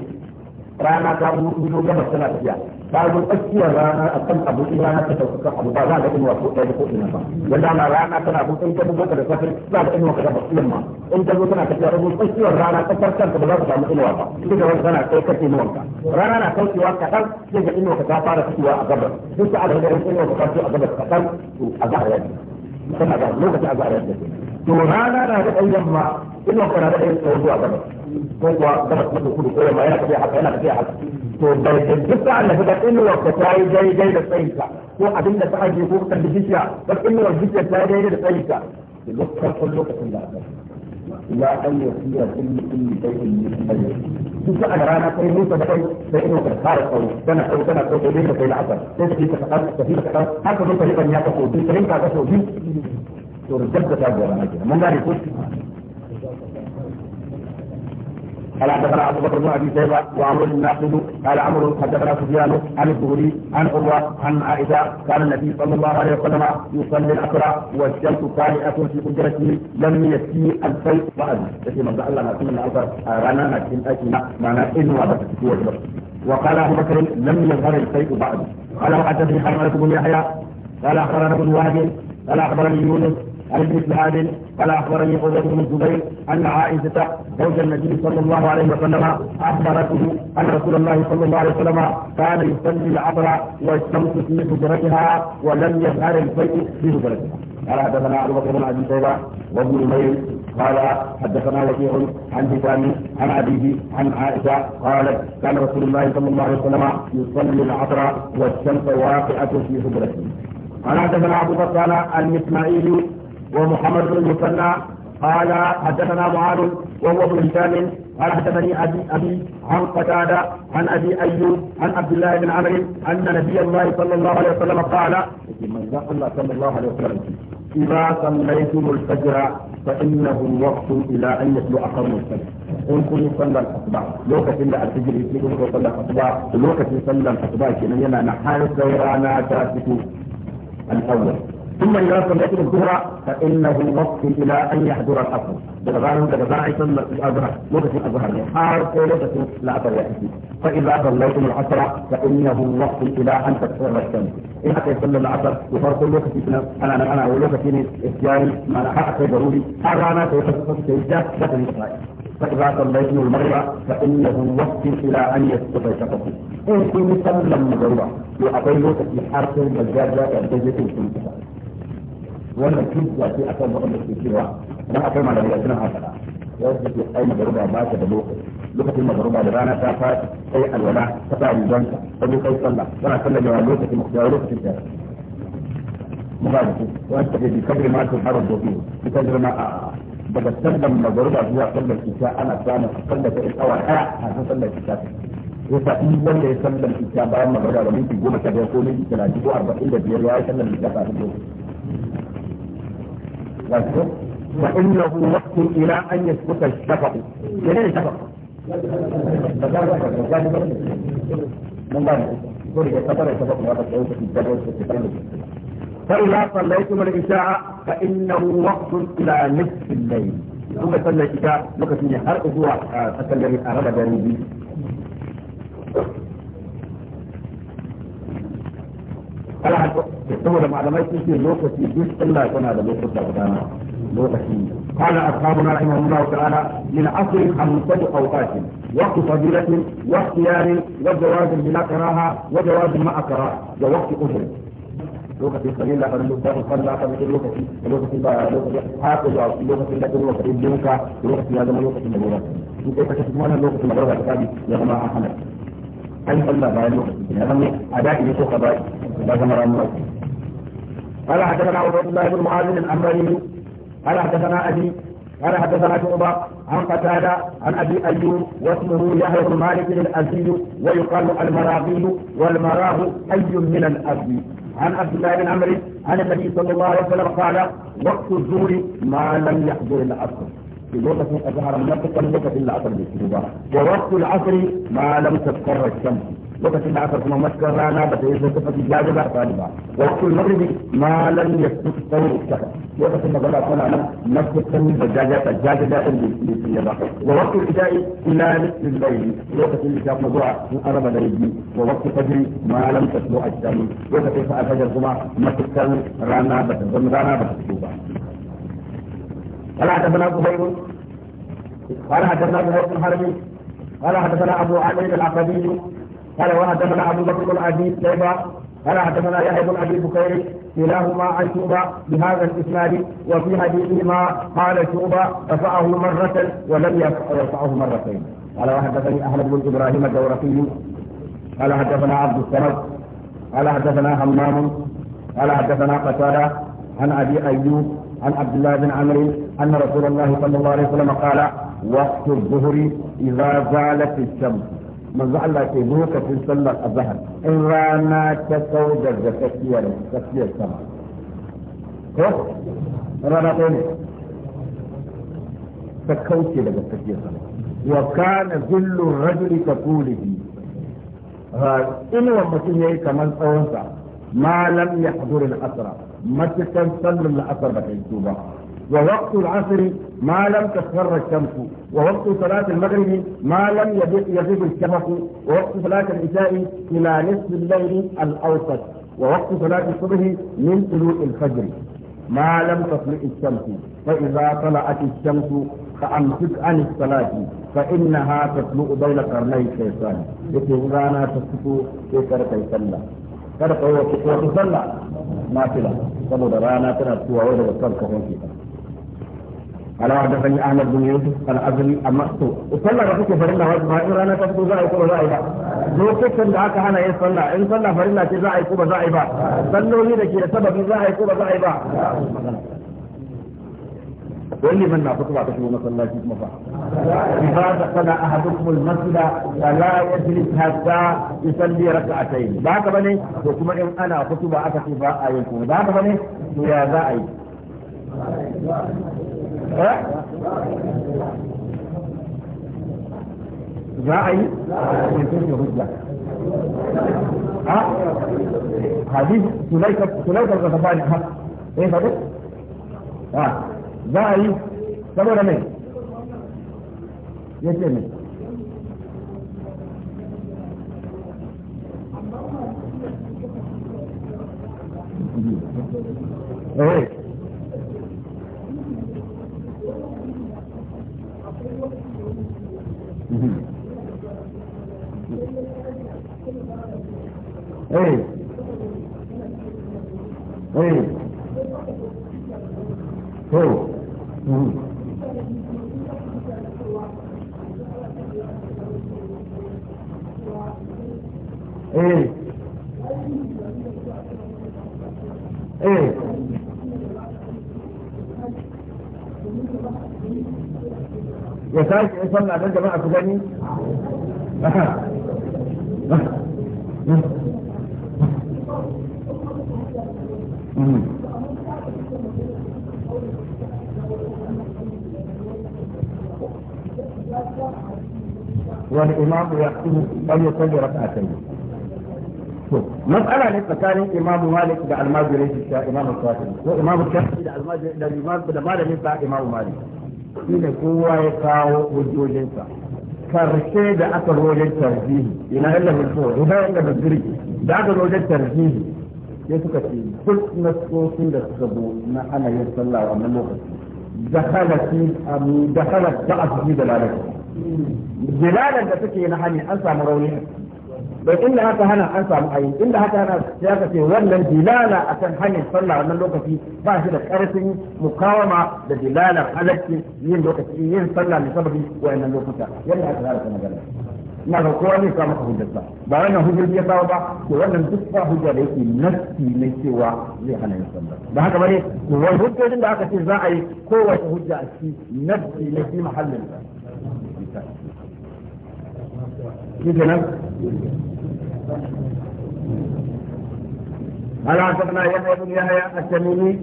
rana ta hudu gaba tana tafiya ta zo tsakiyar rana a kan abu in rana ta sauka kan abu ba za ka inuwa ko ɗaya ko ina ba da dama rana tana hudu in ta bugo ka da safe za ka inuwa ka da basulun ma in ta zo tana tafiya ta zo tsakiyar rana ta farkar ka ba za ka samu inuwa ba duk da wani tana kai kake inuwan ka rana na kaucewa kaɗan sai ka inuwa ka ta fara fitowa a gabas duk sa'ad da inuwa ka ta fito a gabas kaɗan to a zahar yadda kana da lokacin a zahar yadda to rana na da ɗauyan ma ina fara da ɗauyan sau zuwa gaba ko kuwa gabas maso kudu ko yamma yana tafiya haka yana tafiya haka to da da duka Allah da inuwar ka ta yi daidai da tsayinka ko abin da ta ajiye ko ka kalli bishiya da inuwar bishiyar ta yi daidai da tsayinka da lokacin lokacin da aka لا أن يصير كل كل شيء مستمر. شوف أنا رانا كل موسى بقول فإنه قد خارق أو سنة أو سنة أو سنة في العصر. ليس في تفقد كثير تفقد حتى في طريقة يأكل في طريقة تأكل قال حدثنا ابو بكر بن ابي شيبه وعمر بن ناصر قال عمر حدثنا سفيان عن الزهري عن عروه عن عائشه كان النبي صلى الله عليه وسلم يصلي العصر والشمس طالعه في قدرته لم يسيء الفيء بعد لكن من الله ما كنا العصر آه، رانا ما كنا اكلنا معناه انه هذا وقال ابو بكر لم يظهر الفيء بعد قال حدثني حمله بن يحيى قال اخبرنا ابن واحد قال اخبرني يونس عن ابن شهاب قال اخبرني عبيد بن الزبير ان عائشه زوج النبي صلى الله عليه وسلم اخبرته ان رسول الله صلى الله عليه وسلم كان يصلي العبر والشمس في حجرتها ولم يظهر البيت في حجرتها. قال حدثنا ابو بكر بن ابي شيبه وابن نمير قال حدثنا وكيع عن هشام عن ابيه عن عائشه قالت كان رسول الله صلى الله عليه وسلم يصلي العصر والشمس واقعه في حجرته. قال حدثنا ابو بكر المسماعيلي ومحمد بن المثنى قال حدثنا معاذ وهو ابن هشام قال حدثني ابي ابي عن قتاده عن ابي ايوب عن عبد الله بن عمرو ان نبي الله صلى الله عليه وسلم قال صلى الله عليه وسلم إذا صليتم الفجر فإنه الوقت إلى أن يطلع قرن الفجر إن كنت صلى الأصبع لو كتب الفجر يسلكم صلى الأصبع لو كتب صلى الأصبع كنا ينا نحال سيرانا الأول ثم إذا صليت الظهر فإنه يوصي إلى أن يحضر الأصل بالغان بالغان ثم الأزهر مدة الأزهر حار ليلة لا يأتي فإذا صليتم العصر فإنه يوصي إلى أن تكثر الشمس إن حتى يصلي العصر يفرق لوكة أنا أنا أنا في إختياري ما أنا حق ضروري أرانا سيحصل سيجاه دخل إسرائيل فإذا صليتم المغرب فإنه يوصي إلى أن يسقط الشمس إن كنت صلى المغرب يعطي لوكة حرف في الدجاجة wannan kirkiya ke a kan da ke cewa na akwai ma da daga suna hankala ya wasu ke ai magaruba ba ta da lokaci lokacin magaruba da rana ta fara sai alwala ta sa rigon ta wani kai tsalla yana tsalla da lokaci mu kuma lokaci ta mubaraku wani ta ke bi kabri ma sun haram dobi su ta girma a daga sallan magaruba zuwa sallan kisa ana samun a sallan ta isa wa ɗaya a san sallan kisa ya sa in wanda ya sallan kisa bayan magaruba da minti goma sha biyar ko minti talatin ko arba'in da biyar ya yi sallan kisa ta fi dobi فإنه وقت إلى أن يثبت الشفق إلى يعني الشفق فإذا صليتم العشاء فإنه وقت إلى نصف الليل ثم صلى العشاء وقت من هر أسبوع أسلم أربع دقائق kana saboda malamai sun ce lokaci duk sallah tana da lokuta gudana lokaci قال أصحابنا رحمه الله تعالى للعصر خمسة أوقات وقت فضيلة واختيار وجواز بلا كراهة وجواز مع كراهة ووقت أجر lokaci kalil da kalil da kan da kan lokaci lokaci ba lokaci haka da lokaci da kuma lokaci dinka lokaci ya zama lokacin da gora in kai kace kuma wannan lokacin da gora da kadi ya zama a hanar ai Allah ba ya lokaci ya zama a da'i ko ka ba'i قال حدثنا عبد الله بن معاذ الأمري قال حدثنا أبي قال حدثنا شعبة عن قتادة عن أبي أيوب واسمه يحيى بن مالك الأزي ويقال المراغي والمراه أي من الأزي عن عبد الله بن عمري عن النبي صلى الله عليه وسلم قال وقت الزور ما لم يحضر العصر في لغة الأزهر من نفس في العصر بالسجوبة ووقت العصر ما لم تذكر الشمس lokacin da aka kuma maskar rana ba ta yi sai tafi jaji ba ta ba wa kul maghribi ma lam yakut sawu shaka lokacin da gaba kana nan maskatan da jaji ta jaji da din da su ya ba wa waqtul isha'i ila nisfil layl lokacin da kuma zuwa in araba da yi wa waqtul fajri ma lam tatlu ash-shams lokacin da al-fajr kuma maskatan rana ba ta zama rana ba ta ba قال حدثنا قبيل قال حدثنا ابو بن حرب قال حدثنا ابو علي العقدي قال وحدثنا ابو بكر بن ابي قال حدثنا يحيى بن ابي بكير كلاهما عن شعبه بهذا الاسناد وفي حديثهما قال شعبه رفعه مره ولم يرفعه مرتين قال وحدثني احمد بن ابراهيم الدورقي قال حدثنا عبد الصمد قال حدثنا همام قال حدثنا قتاده عن ابي ايوب عن عبد الله بن عمرو ان رسول الله صلى الله عليه وسلم قال وقت الظهر اذا زالت الشمس manzo Allah ke lokacin sallar azhar in rana ta kaudar da tsakiyar tsakiyar sama ko rana ko ne ta kauce daga tsakiyar sama wa kana zillu rajuli ka kulihi inuwar mutum yayi kamar tsawonsa ma lam yahdur al-asra matakan sallar al-asr ba ta yi ba ووقت العصر ما لم تصفر الشمس ووقت صلاة المغرب ما لم يزيد الشفق ووقت صلاة العشاء إلى نصف الليل الأوسط ووقت صلاة الصبح من طلوع الفجر ما لم تطلع الشمس فإذا طلعت الشمس فأمسك عن الصلاة فإنها تطلع بين قرني الشيطان لتغانا رانا تسكت يكرك الصلاة kada ka الصلاة ما sallah na fila saboda تسوى tana tuwa wai daga sallah da حدثني farin بن wasu ba ابني امرت صلى ربك فرلا ما رانا تفتو za a yi ba lokacin da aka hana yin sallah in sallah farilla ce za a yi ko ba za a yi ba salloli da ke da sababi za a yi ko ba za a yi ba wani man na fitowa ta shigo masallaci kuma fa idza dakala ahadukum almasjida fala yajlis hatta yusalli rak'atayn ba haka bane to kuma in ana fitowa aka ce ba a yi ko ba haka bane to ya za a yi za a yi ne hujja a hadis sulaika sulaika da tabani ha eh fado a za a yi saboda me yace me eh eh eh to hmm. eh. Eh. ya يصلي على الجماعة don والإمام يقتل أن يصلي ركعتين مسألة لتكاني إمام مالك بعد ما الشافعي إمام الشافعي وإمام الشافعي بعد ما يريد الإمام ده مالك إمام مالك shine kowa ya kawo hujjojinsa karshe da aka rojen tarjihi ina illa mutuwa ina illa mutuwa da aka rojen tarjihi ya suka ce duk nasosin da suka zo na ana yin sallah a wannan lokaci dahalati dahalat ba'd bi da dalalan da take na hali an samu rauni don inda haka hana an samu ayi inda haka hana sai aka ce wannan dilala akan hanyar sallah wannan lokaci ba shi da karfin mukawama da dilala halacci yin lokaci yin sallah ne sababi wayannan lokuta yadda aka hana magana na ga kowa ne samu hujjarsa ba wannan hujjar ya kawo ba to wannan duk ba hujja da yake nasti ne cewa zai hana yin sallah ba haka bane to wani hujjojin da aka ce za a yi kowace hujja a ciki nasti ne fi mahallin sa shi kenan قال حدثنا يحيى بن يحيى التميمي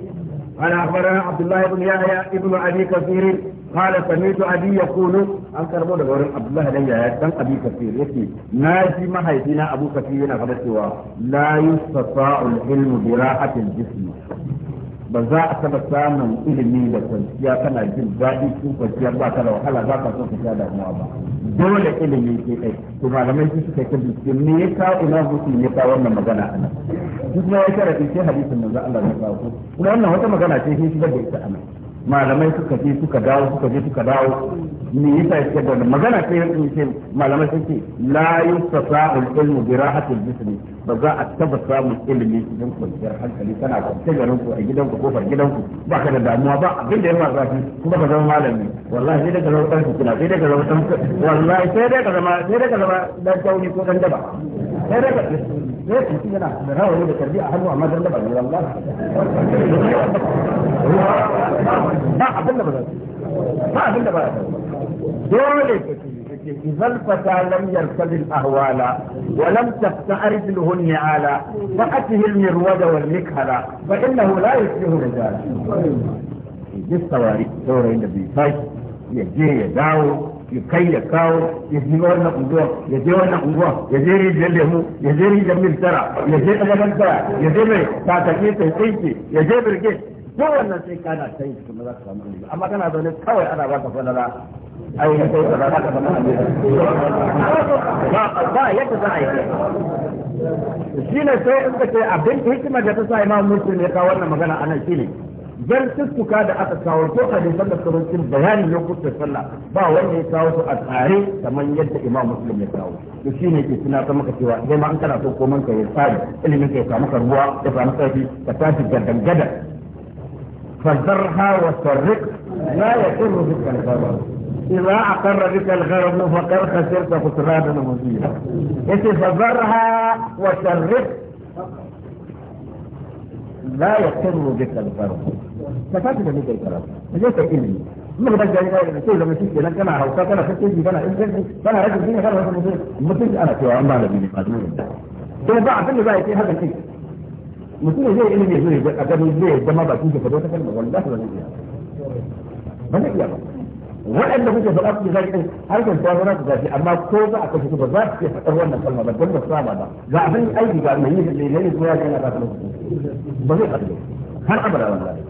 قال اخبرنا عبد الله بن يحيى ابن ابي كثير قال سمعت ابي يقول an karbo daga wurin abdullahi dan yaya dan abi kafir yake na ji mahaifina abu kafir yana faɗa cewa la yustafa'u al-ilmu bi ra'atil jismi ba za a taba samun ilimi da kwanciya kana jin daɗi cikin kwanciya ba da wahala za ka so ka sha damuwa ba dole ilimi ke kai to malamai su suka kai bincike me ya kawo ina hutu ne kawo wannan magana a nan shi kuma ya sharafi sai hadisin manzo Allah ya kawo kuma wannan wata magana ce shi shigar da ita a nan malamai suka je suka dawo suka je suka dawo me yasa yake da magana sai ya ce malamai sun ce la yusafa al-ilmu bi rahatil jismi ba za a taba samun ilimi cikin kwanciyar hankali kana kwance garin ku a gidan ku kofar gidan ku ba ka da damuwa ba abin da ya ma zafi kuma ka zama malami wallahi sai dai ka zama ɗan fitina sai dai ka zama ɗan wallahi sai dai ka zama sai dai ka zama ɗan tauni ko ɗan daba sai dai ka sai ku ci yana da rawani da tarbiya a hannu amma ɗan daba ne wallahi ba abin da ba ba abin da ba dole ka ci اذا الفتى لم يرتد الاهوال ولم تفتع رجله النعال فاته المرود والمكهل فانه لا يشبه رجالا. يستواري دور النبي فايت طيب، يجي يداو يكي يكاو يجي ورنا قنبوة يجي ورنا قنبوة يجي ريد يليهو يجي ريد يمي الترى يجي قبل الترى يجي بي تاتكي تهتيكي يجي برقيت duk wannan kawai ana ka ka samu ba a yi shi ne sai in ka da imam ya kawo wannan magana da aka kawo ko a ne sanda karancin bayanin sallah ba wanda ya kawo su a tsare kamar yadda imam musulun ya kawo to shi ne ke suna maka cewa idan ma an kana so ko man ya tsari ilimin ka ya samu karuwa ya samu karfi ka tashi gadan gadan فالجرح والترق لا يقر بك الغرض إذا أقر بك الغرض فقد خسرت خسرانا مبينا إذا فالجرح والترق لا يقر بك الغرض فتاتنا بك الغرض ليس إني ما بدك جاي جاي تقول لما تيجي لك انا هو انا خدت انا انت فانا رجل فيني غير ما تيجي انا في عمان بيني قادمين ده ضعف اللي بقى في هذا الشيء mutum zai ilimi zai ga a gani zai zama ba kinka fado ta kalma wallahi ba zai iya ba zai iya ba waɗanda kuke faɗa su zai ɗin harkar ta zama su zafi amma ko za a kashe ba za su ke faɗar wannan kalma ba don ba su saba ba ga abin aiki ga mai yi ne ne kuma ya yana ba su ba zai faɗi har abada wallahi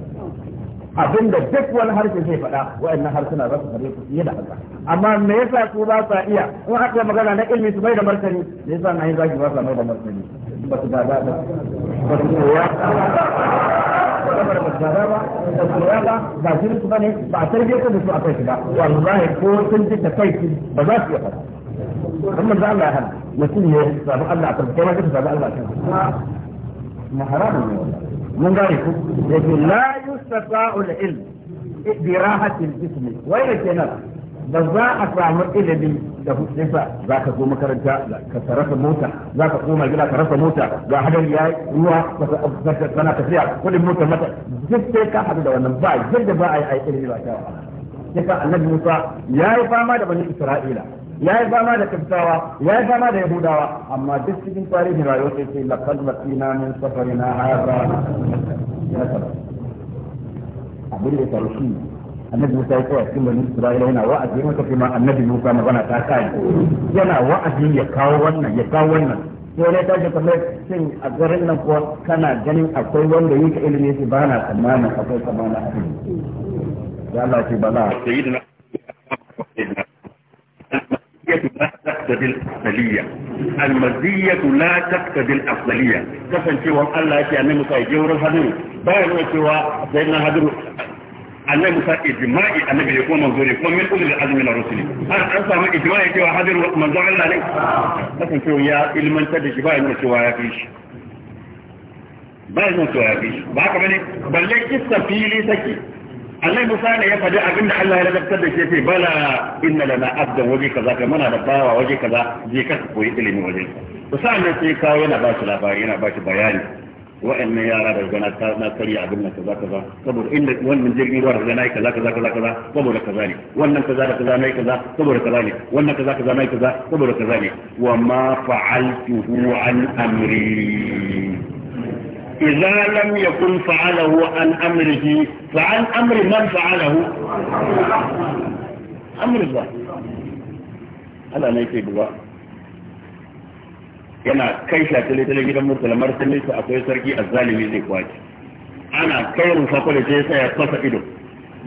abinda duk wani harshe zai faɗa wa'annan harsuna za su fare su fiye da haka amma me yasa su ba sa iya in aka magana na ilmi su mai da martani me yasa na yi zaki ba sa mai da martani ba su gada ba ba su koya kamar ba gada ba ba su koya ba ba shirin su bane ba a tarbiyyar da su akai shi ba wallahi ko sun ji ta kai ba za su iya fara kuma da Allah ya hana mutum ya samu Allah a kai ma ka samu Allah a na haramun ne wannan mun gane ku yake la yustata'u al-ilm bi rahatil jism wai kenan ba za a samu ilimi da hujjinsa za ka zo makaranta ka rasa mota za ka koma gida ka rasa mota ga hadari ya ruwa kana tafiya kudin motar mata duk sai ka haɗu da wannan ba yadda ba a yi aiki ne ba ta yasa annabi Musa ya yi fama da bani Isra'ila ya yi fama da kaftawa ya yi fama da yahudawa amma duk cikin tarihin rayuwar sai sai laqad laqina min safarina hadha ya sabara abin da ya faru shi annabi Musa ya tsaya cikin bani Isra'ila yana wa'azi in kace ma annabi Musa magana ta kai yana wa'azi ya kawo wannan ya kawo wannan sai ne ta ce kamar shin a garin nan ko kana ganin akwai wanda yake ilimi shi ba na tsammanin akwai tsammanin a ya Allah ce ba za تقتضي الأفضلية المزية لا تقتضي الأفضلية كفن شوى الله يتعنى مسايجور الهدر باين وشوى سيدنا هدر annai musa ijma'i annabi ne kuma manzo ne kuma min ulul azmi na rusuli har an samu ijma'i cewa hadir manzo Allah ne kasan cewa ya ilmantar da shi ba yana cewa ya fi shi ba yana cewa ya fi shi ba haka bane balle kissa fili take annai musa ne ya faɗi abin da Allah ya ladabtar da shi ce bala inna lana abdan waje kaza kai muna da bawa waje kaza je ka koyi ilimi waje to sa'an nan sai kawo yana ba shi labari yana ba shi bayani wa'annan yara da gana na karya abin nan kaza kaza saboda inda wannan jirgin ruwa da nayi kaza kaza kaza kaza saboda kaza ne wannan kaza da kaza nayi kaza saboda kaza ne wannan kaza kaza nayi kaza saboda kaza ne wa ma fa'altuhu an amri إذا لم يكن فعله عن أمره فعن أمر من فعله أمر الله ألا نيكي بواء yana kai shi shatale tale gidan musulmar sun nisa akwai sarki azzalimi zai kwaci ana kai rufa kwale sai sai ya fasa ido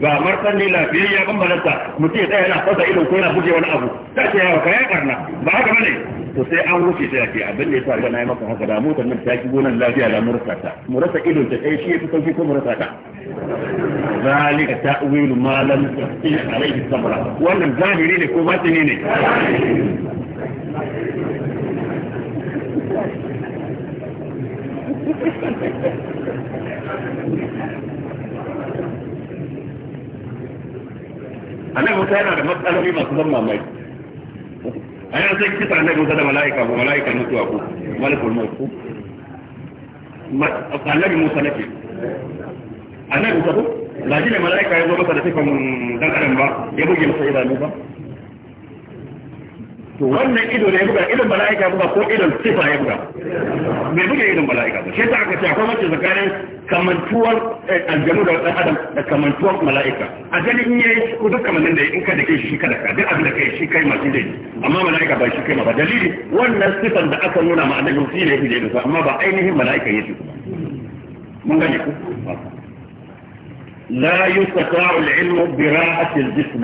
ga martan ne lafiyar ya kuma bambalanta mutum ya tsaya yana fasa ido ko yana buge wani abu ta ce yawa kayan karna ba haka bane to sai an rufe ta yake abin da ya faru na yi maka haka da motar nan ta ki gonan lafiya da murasa ta murasa ido ta kai shi ya fi sauki ko murasa ta zalika ta'wilu ma lam tasbi alayhi sabra wannan zahiri ne ko batini ne અને મુખાયા રહમતુલીમાં કુબબ મામાઈ આયે સે કિ તાને ગોતા દે મલાયકા વલાયકા મતુઆકુ વલકુલ મકુ બસ ઓકલર મુસલફી અને કહું લાજીલે મલાયકા એગો બસ દસકન બા યે બગી સૈદાલુ બા to wannan ido da ya buga idan mala'ika buga ko idan sifa ya buga me buga idan mala'ika ba shi ta aka ce akwai wacce zakarin kamantuwar eh, aljanu da ɗan adam da kamantuwar mala'ika a ganin in yayi ko duk kamannin da in ka da kai shi ka da ka duk abin da kai shi kai masu dai amma mala'ika ba shi kai ma ba dalili wannan sifan da aka nuna ma annabi shi ne yake da amma ba ainihin mala'ika yake mun gane ku لا يستطاع العلم براءة الجسم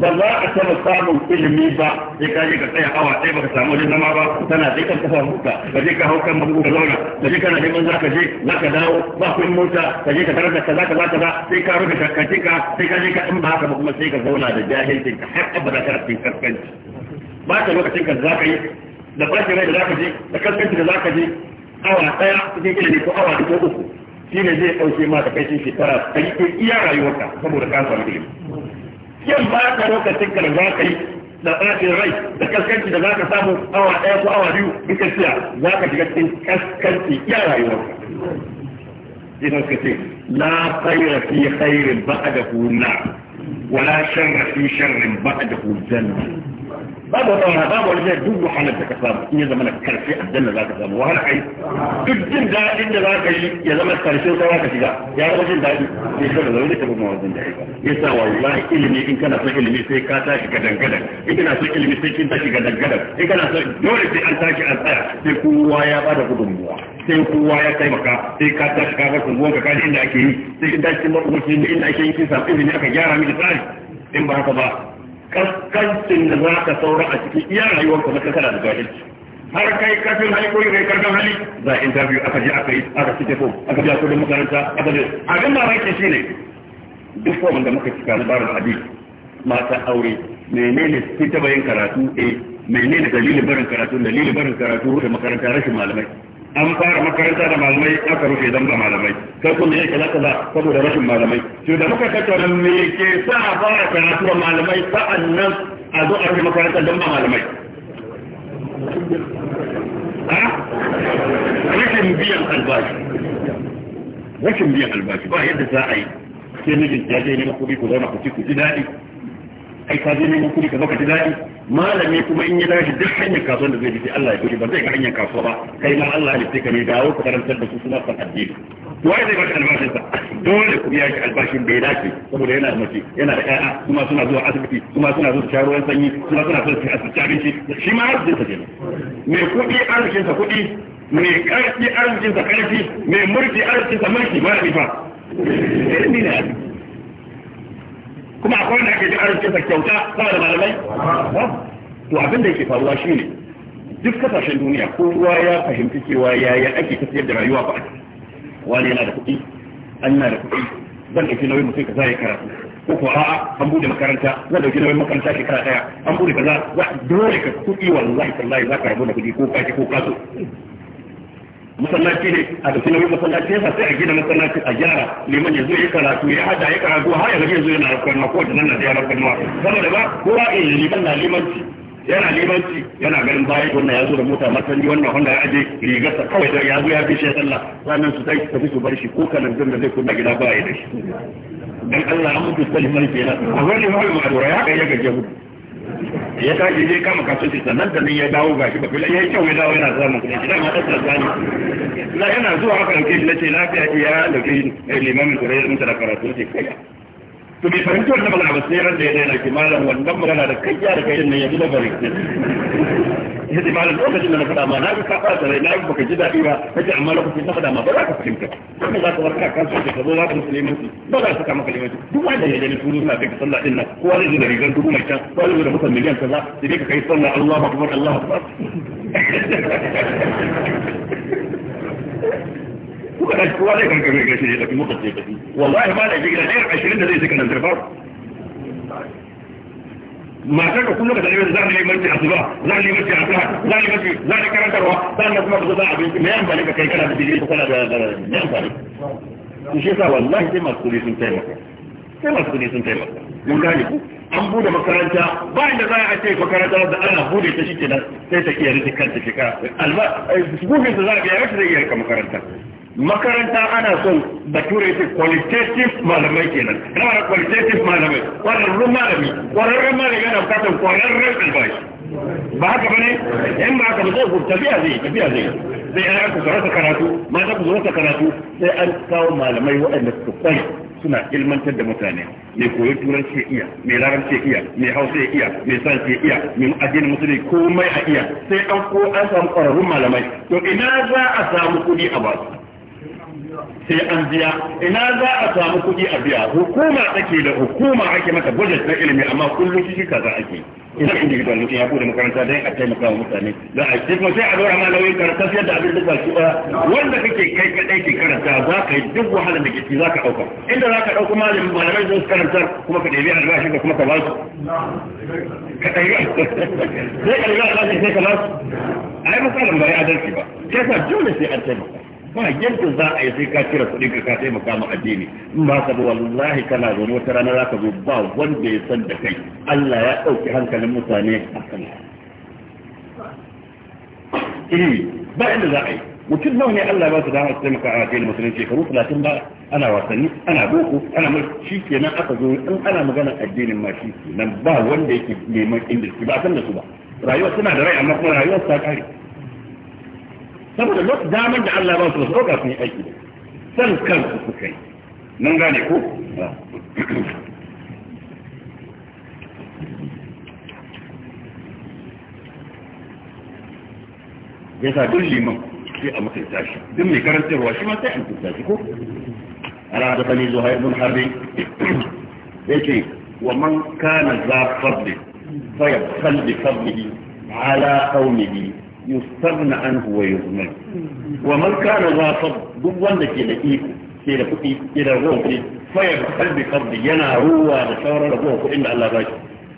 ba za a taɓa samun ilimi ba sai ka je ka tsaya awa ɗaya baka samu wajen zama ba tana je kan kafa huta ka je kan bugu ka zauna ka je kana neman za ka je mota ka je ka tarar kaza kaza sai ka rufe kakkaci ka sai ka je ka in ba haka sai ka zauna da jahilcin ka har abada kana cikin ba ka lokacin ka da ba da ko awa uku shi ne zai ɗauke ma da kai shekara ka yi kai iya rayuwarka saboda ka samu ilimi yan ba ka lokacin ka da za ka yi da tsafin rai da kaskanci da za ka samu awa ɗaya ko awa biyu duka siya za ka shiga cikin kaskanci iya rayuwarka idan suka ce la khayra fi khairin ba'dahu na wala sharra fi sharrin ba'dahu janna babu wata wahala babu wani zai duk wahalar da ka samu in ya zama na karshe a aljanna za ka samu wahala ai duk jin daɗin da za ka yi ya zama karshe sai za ka shiga ya zama jin daɗi ya zama zaune da tabbama wajen da ya sa wallahi ilimi in kana son ilimi sai ka tashi ga dangadan in kana son ilimi sai kin tashi ga dangadan in kana son dole sai an tashi an tsaya sai kowa ya bada gudunmuwa sai kowa ya taimaka sai ka tashi ka ga kunguwan ka kaji inda ake yi sai kin tashi kin mabukunci inda ake yi kin samu ilimi aka gyara miki tsari in ba haka ba kaskancin da za ka saura a cikin iya rayuwarka na kasara da jahilci har kai kafin hali ko kai karfin hali za a interview aka je aka yi aka cike ko aka biya kudin makaranta aka je abin da rake shi ne duk form da muka cika na barin hadisi mata aure menene sun taba yin karatu eh menene dalilin barin karatu dalilin barin karatu da makaranta rashin malamai an fara makaranta da malamai aka rufe dan ba malamai kai kun yi kaza kaza saboda rashin malamai to da muka tattauna me yake sa a fara karatu da malamai sa'annan a zo a rufe makaranta dan ba malamai ha rashin biyan albashi rashin biyan albashi ba yadda za a yi sai mijin ya je ne kuɗi ku zama ku ci ku ji daɗi ai ka je neman kuɗi ka zo ka ji daɗi malami kuma in ya tashi duk hanyar kasuwar da zai bi sai Allah ya gode ba zai ga hanyar kasuwa ba kai ma Allah ya ce ka ne dawo ka karantar da su suna san addini wai zai baka albashin sa dole ku biya shi albashin da ya dace saboda yana da mace yana da ƴaƴa kuma suna zuwa asibiti kuma suna zuwa sha ruwan sanyi kuma suna zuwa su asibiti abinci shi ma har sa kenan me kuɗi arzikin sa kuɗi me ƙarfi arzikin sa ƙarfi me mulki arzikin sa mulki malami fa ilimi kuma akwai wanda ake ji an rubuta kyauta sama da malamai to abin da yake faruwa shine duk kasashen duniya kowa ya fahimci cewa yaya ake tafiyar da rayuwa ba wani yana da kuɗi an na da kuɗi zan ɗauki nauyin mutum kaza ya karatu ko ko a'a an bude makaranta zan ɗauki nauyin makaranta shekara ɗaya an bude kaza dole ka kuɗi wallahi tallahi za ka rabu da kuɗi ko kaji ko kaso masallaci ne a da nauyin masallaci ya sai a gina masallaci a gyara liman yanzu ya karatu ya hada ya karatu har ya yanzu yana rafkan ma kowace nan na da ya rafkan sama saboda ba ko a in liman na limanci yana limanci yana ganin bayan wannan ya zo da mota martani wannan wanda ya aje rigarsa kawai da ya zo ya fi shi sallah sannan su sai tafi su bar shi ko kanan zan da zai kunna gida ba ya da shi dan Allah an mutu sallallahu alaihi wa a wani wani ma'adura ya kai ya gaje mutu ya tashi je kama kasu kasuwanci sannan da ni ya dawo ga shi bakwai ya yi kyau ya dawo yana zuwa samun kuma shi ma ɗan tsarsa ne na yana zuwa haka dauke shi na ce lafiya ya dauke shi limamin kurai da tara karatu ce kai to bai fahimci wannan magana ba sai ran da ya daina ki wannan magana da kai ya da kai ne ya bi da bari ya ce malam lokacin da na faɗa ma na ga ka ɓata rai na ga baka ji daɗi ba kace amma lokacin na faɗa ma ba za ka fahimta kuma za ka warka kan su ka zo za ka musulmi ba za ka saka maka limanci duk wanda ya gani turu suna kai sallah din nan kowa zai zo da rigar dubu mai can kowa zai zo da mutan miliyan kaza sai dai ka kai sallah Allahu akbar Allahu akbar kuka da kowa zai kankan gaishe da kuma kace kace wallahi ma da jigira ne 20 da zai saka nan tarfa matar ka kullum ka da irin zan yi barci asuba zan yi barci asuba zan yi barci zan yi karantarwa zan da kuma a abinci me amfani ka kai kana da digiri ko kana da me amfani to shi yasa wallahi sai masu kudi sun taimaka sai masu kudi sun taimaka mun gane ku an bude makaranta ba inda za a ce makaranta da ana bude ta shi kenan sai ta kiyar ta kanta shi ka alba eh, gugin ta za a biya rashin zai iya rika makaranta makaranta ana son bature ce qualitative malamai kenan yana da qualitative malamai kwararrun malami kwararrun malami yana bukatar kwararrun albashi ba haka bane in ba haka ba zai ku tafiya zai tafiya zai sai an ku zo karatu ma za ku zo karatu sai an kawo malamai waɗanda su kwai suna ilmantar da mutane mai koyi turanci iya mai larabci iya mai hausa iya mai sanci iya mai addinin musulmi komai a iya sai an ko an samu kwararrun malamai to ina za a samu kuɗi a basu sai an biya ina za a samu kuɗi a biya hukuma take da hukuma ake mata budget na ilimi amma kullum shi kaza ake ina individual mutum ya bude makaranta don a taimaka wa mutane da a ce kuma sai a dora ma nauyin karanta fiye da abin duk baki ɗaya wanda kake kai kaɗai ke karanta za ka yi duk wahalar da ke za ka ɗauka inda za ka ɗauka malamin malamai zai su karanta kuma ka ɗebi albashin ka kuma ka ba su ka ɗebi sai ka ɗebi albashin sai ka ba su a yi matsalan ba ya adalci ba sai ka dole sai an taimaka ba yadda za a yi sai ka cire kuɗi ka ka taimaka ma addini in ba ka wallahi kana zaune wata rana za ka zo ba wanda ya san da kai Allah ya ɗauki hankalin mutane a kan eh ba inda za a yi mutum nawa ne Allah ba su dama su taimaka a addinin musulunci shekaru talatin ba ana wasanni ana boko ana mai shi kenan aka zo in ana magana addinin ma shi kenan ba wanda yake neman inda su ba san da su ba rayuwa suna da rai amma kuma rayuwar ta kare saboda lokacin damar da Allah ba su ba su ɗauka sun yi aiki da san kansu suka yi mun gane ko ya sa duk liman sai a mutunta shi duk mai karantarwa shi ma sai a mutunta shi ko ala da bani zuwa ibn harbi yake wa man kana za fadli fa yabtal bi fadlihi ala qaumihi يستغنى عنه ويغنى ومن كان غاصب دو وانا كيلئيه كيلا كتي كيلا غوطي فيب قلبي قرد ينا روى دشارة لبوه إن الله غاش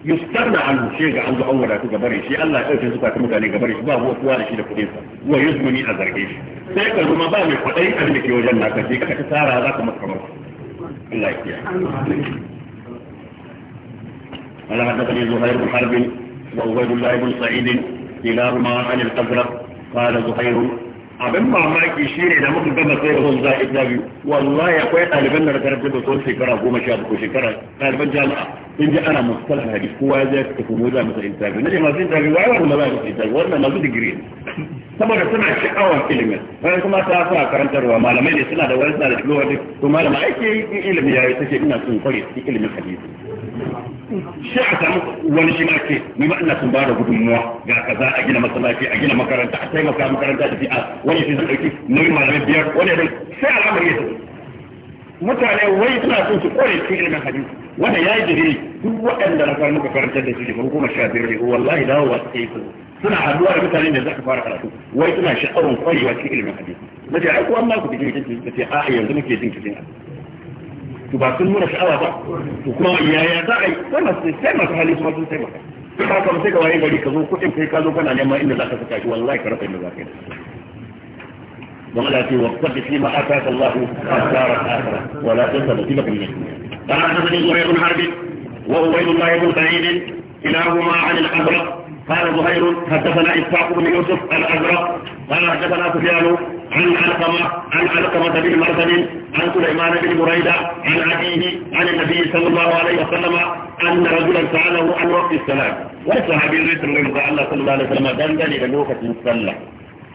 يستغنى عنه شيء عنده أولا كباري شيء الله يقول شيء سبعت مداني كباري شيء باهو أطوال شيء لكتيسة ويزمني أزرقيش سيكا هما بامي فأي أهلك يوجنا كتيكا كتارا ذاك مكرمك الله يكيا الله حدثني زهير بن حرب وعبيد الله بن سعيد كلاهما عن الأزرق قال زهير abin mamaki shi ne da muka gama sai da a ita biyu wallahi akwai ɗaliban da ta rabu da tsohon shekara goma sha bakwai shekara ɗaliban jami'a in ji ana masu sallah hadis kowa ya zai tafi mu za masa intabi na ce masu intabi wai wani maza masu intabi wannan masu digiri saboda suna sha'awar ilimin wani kuma ta sa karantarwa malamai ne suna da wani suna da shigowa duk to malama ake ilimin ya yi ta ce ina son kware cikin ilimin hadisi shi a samu wani shi ake ni ma ina sun bada gudunmuwa ga kaza a gina masallaci a gina makaranta a taimaka makaranta da fi'a wani shi zai dauki nauyin malamai biyar wani da sai al'amari ya mutane wai suna son su kore cikin ilimin hadisi wanda ya yi jiri duk waɗanda na fara muka karantar da su shekaru goma sha biyar ne wallahi dawowa su yi su suna haduwa da mutane da za ka fara karatu wai suna sha'awar kwarewa cikin ilimin hadisi na ce ai kuwa ma ku fi jin kitin ta ce a'a yanzu muke jin kitin hadisi to ba sun nuna sha'awa ba to kuma yaya za a yi sai masu sai masu hali kuma sun sai maka ba ka sai ka waye gari ka zo kuɗin kai ka zo kana neman inda za ka saka shi wallahi ka rasa inda za ka yi don Allah ce wa qad fi ma ataka Allah asara asara wala tansa nasibaka min al-dunya qala hadathani zuhair bin harb wa ubaydullah bin sa'id kilahuma 'an al-abraq قال زهير حدثنا اسحاق بن يوسف الازرق قال حدثنا سفيان عن علقمة عن علقمة بن مرسل عن سليمان بن بريدة عن أبيه عن النبي صلى الله عليه وسلم أن رجلا سأله عن وقت الصلاة والصحابي الرسل الله صلى الله عليه وسلم دندن إلى لنوكة الصلاة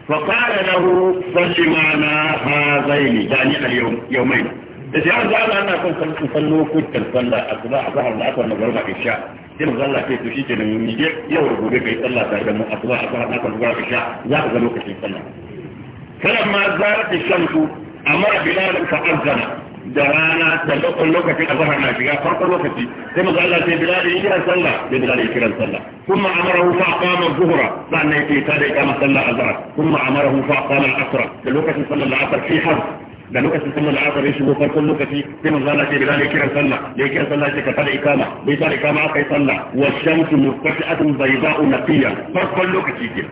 فقال له صل معنا هذين يعني اليوم يومين إذا أرجع أنا أنا كنت نصلي كنت نصلي أصبح ظهر الأكبر مغرب العشاء sai mu zalla sai to shi ke nan mu je yau da gobe kai sallah tare da mu asuba a kan zuwa isha za ka ga lokacin sallah فلما زالت الشمس أمر بلال فأذن دهانا تلوك اللوكة أظهر ناشيها فرق اللوكة ثم قال الله بلال يجرى صلى بلال يجرى صلى ثم أمره فأقام الظهر لأن يتي تالي كما صلى أزهر ثم أمره فأقام العصر اللوكة صلى العصر في حظ da lokacin sallar asar ya shigo farkon lokaci sai manzo Allah ce bilal ya kira sallah ya kira sallah ce ka tada ikama bai tada ikama aka yi sallah wa shamsu murtafa'atun bayda'u naqiya farkon lokaci ke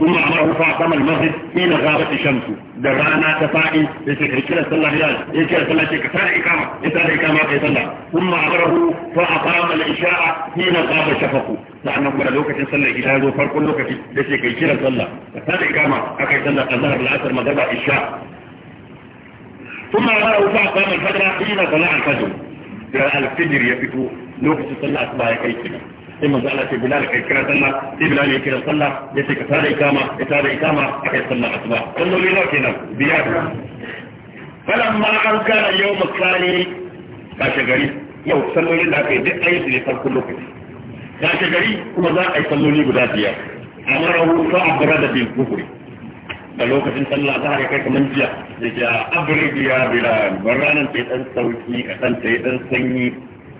ومعناه فاطمة المسجد حين غابت الشمس درانا تفاعل لسكر كلا صلى ريال كلا صلى شكر إقامة إسال إقامة صلى ثم أمره فأقام العشاء حين غاب الشفق لأنه من لوكة صلى إلى ذو فرق لوكة يشكر كلا صلى إسال إقامة أكي صلى الظهر بالعصر مغرب العشاء ثم أمره فأقام الفجر حين طلع الفجر الفجر يفتو لوكة صلى أصبح كيسنا sai manzo Allah ce bilal kai kira sallah sai bilal ya kira sallah ya ce ka tare ikama ya tare ikama akai sallah asuba salloli nawa kenan biyar ma an kana yawm sani kashe gari yau sallolin da aka yi duk ayyuka ne farko lokaci kashe gari kuma za a yi salloli guda biyar amarahu fa da bil kufri da lokacin sallah za ka kai kaman jiya da ke abirgi ya bila ban ranar sai dan sauki a dan sai dan sanyi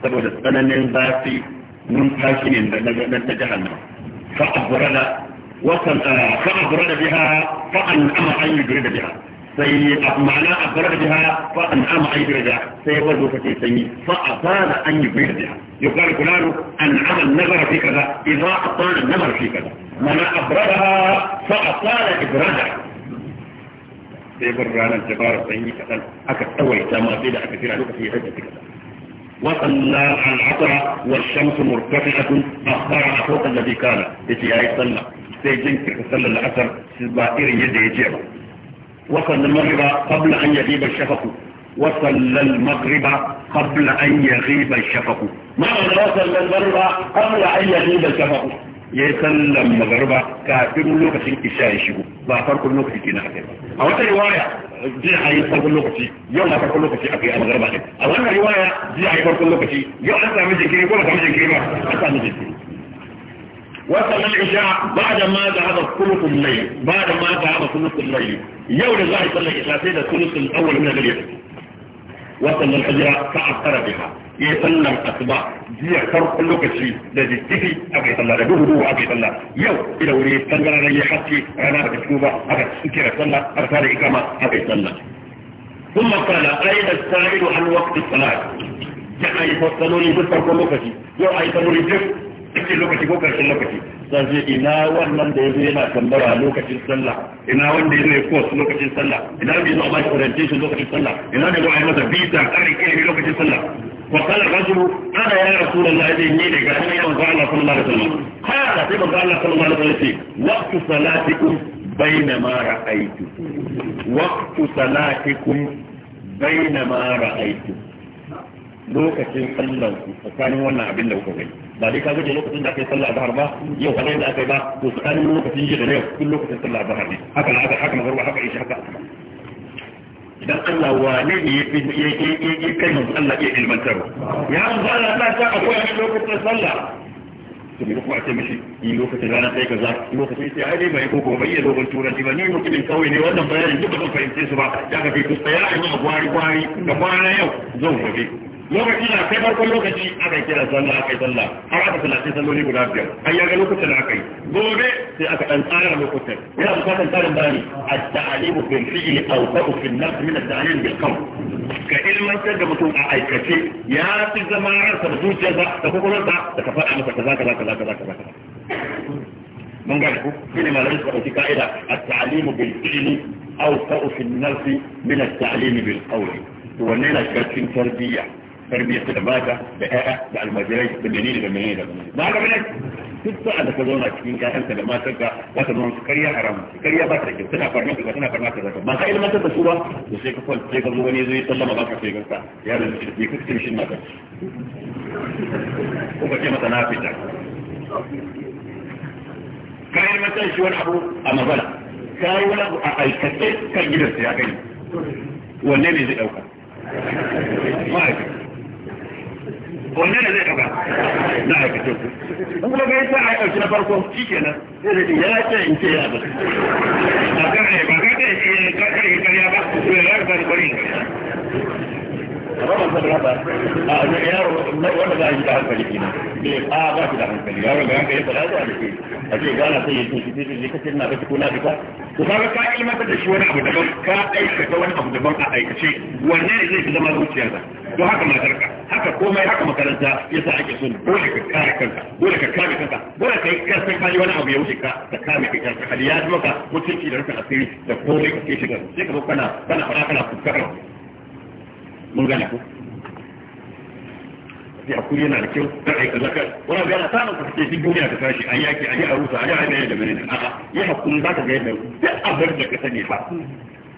saboda tsananin zafi من حاكمين لن تجهل فأبرد وصل آه، فأبرد بها فأن أم أي برد بها سي أبمعنا أبرد بها فأن أم أي برد بها سي وزو فتي سي فأطال أن يبرد بها يقال كلانو أن أم النظر في كذا إذا أطال النظر في كذا من أبردها فأطال إبردها وصلى العصر والشمس مرتفعة أخبار اخوك الذي كان يتياي صلى سيجن صلى العصر سبائر يدي يجيب وصلى المغرب قبل أن يغيب الشفق وصلى المغرب قبل أن يغيب الشفق ما وصلى المغرب قبل أن يغيب الشفق يسلم المغرب كافر magarba kafin lokacin isha ya shigo ba farkon lokaci jiya a yi farkon lokaci yau na farkon lokaci a kai algarba ne a wannan riwaya jiya a yi farkon lokaci yau an sami jinkiri ko ba sami jinkiri ba an sami jinkiri وصل العشاء بعد ما ذهب ثلث الليل بعد ما ذهب ثلث الليل يوم الله صلى الله عليه وسلم ثلث الاول من الليل وصل الحجرة فأثر بها يصلى إيه الأصبع جيع فرق اللوكشي الذي تفي أبي صلى الله عليه وسلم أبي صلى الله يو إلى وليه تنقل علي حكي أنا أبي سكوبة أبي سكرة صلى الله أبي إقامة أبي صلى الله ثم قال أين السائل عن وقت الصلاة جاء يفصلوني بالفرق اللوكشي يو أي صلوني جف تكي اللوكشي فوق اللوكشي zai ina wannan da ya yana tambara lokacin sallah ina wanda ya yana kos lokacin sallah ina da yana bashi orientation lokacin sallah ina da yana yi masa visa karin kiri lokacin sallah wakala rajulu ana ya rasulun na ne daga hannun yawan zuwa Allah sallallahu alaihi wasallam kala sai manzo Allah sallallahu alaihi wasallam ce waqtu salatikum baina ma ra'aytu waqtu salatikum baina ma ra'aytu lokacin sallah tsakanin wannan abin da kuka gani ba dai ka gaje lokacin da aka yi sallah azhar ba yau kana da aka yi ba to tsakanin lokacin jiya da yau kun lokacin sallah azhar ne haka haka haka magarba haka isha haka idan Allah wane ne ya yi kai manzo Allah ya ilmantarwa ya manzo Allah ta ta akwai a lokacin sallah to me kuma ce mishi yi lokacin rana sai kaza lokacin sai ai bai ko ko bai yi dogon turanci ba ni mutumin kawai ne wannan bayanin duk ba zan fahimce su ba ya ga kai ku tsaya a yi gwari gwari da kwana yau zan gobe lokaci na kai farkon lokaci aka kira sallah aka yi sallah har aka sallaci salloli guda biyar ai ya ga lokacin da aka yi gobe sai aka dan tsara lokacin yana bukatar tsarin bayani at-ta'limu bil fi'l aw ta'u fil nafs min at-ta'lim bil qawl ka ilmantar da mutum a aikace ya fi zama ransa da zuciyarsa da kokolonsa da ka faɗa masa kaza kaza kaza kaza kaza mun gane ku shine malamin suka ɗauki ka'ida at-ta'limu bil fi'l aw ta'u fil nafs min at-ta'lim bil qawl to wannan yana cikin tarbiyya تربية الماتة بقاءة بقى المجالات التمانين الجمعين معنا منك تبقى على كدونة شكين كانت لما تبقى وتنون سكرية حرام سكرية بطرة جبتنا فرنات وقتنا فرنات وقتنا ما قائل ما تبقى صورة بسيك فول سيك اللغة نيزو يطلع ما بقى سيك انتا يا رجل يكتب تمشي الماتة وبكي ما تنافي تاك كاين ما تنشي ونحبو اما ظلا كاين ونحبو اي كتب كاين جدرس يا كاين ونين يزي اوكا ما عارف wanne ne zai na a na farko shi da ya ce in ce ya ba a kan ne ba ce ba ya ba a ne yaro wanda za a yi da hankali eh, a ba shi da hankali yaro ga da a ce gana sai ce shi na ko na fita fara ka da shi wani abu daban ka aikata wani abu daban a aikace wanne ne zai fi zama zuciyarsa to haka matarka haka komai haka makaranta yasa ake son dole ka kare kanka dole ka kare kanka dole ka yi karfin hali wani abu ya wuce ka ka kame ka karfin hali ya zama ka mutunci da rufin asiri da komai ka ke shiga sai ka zo kana kana fara kana fuskar mun gane ko sai a kuri yana da kyau kar a yi kaza kar wani abu yana samun ka fice cikin duniya ta tashi an yaki an yi a rusa an yi a yanayi da mene a'a yi hakuri za ka ga yadda duk abin da ka sani ba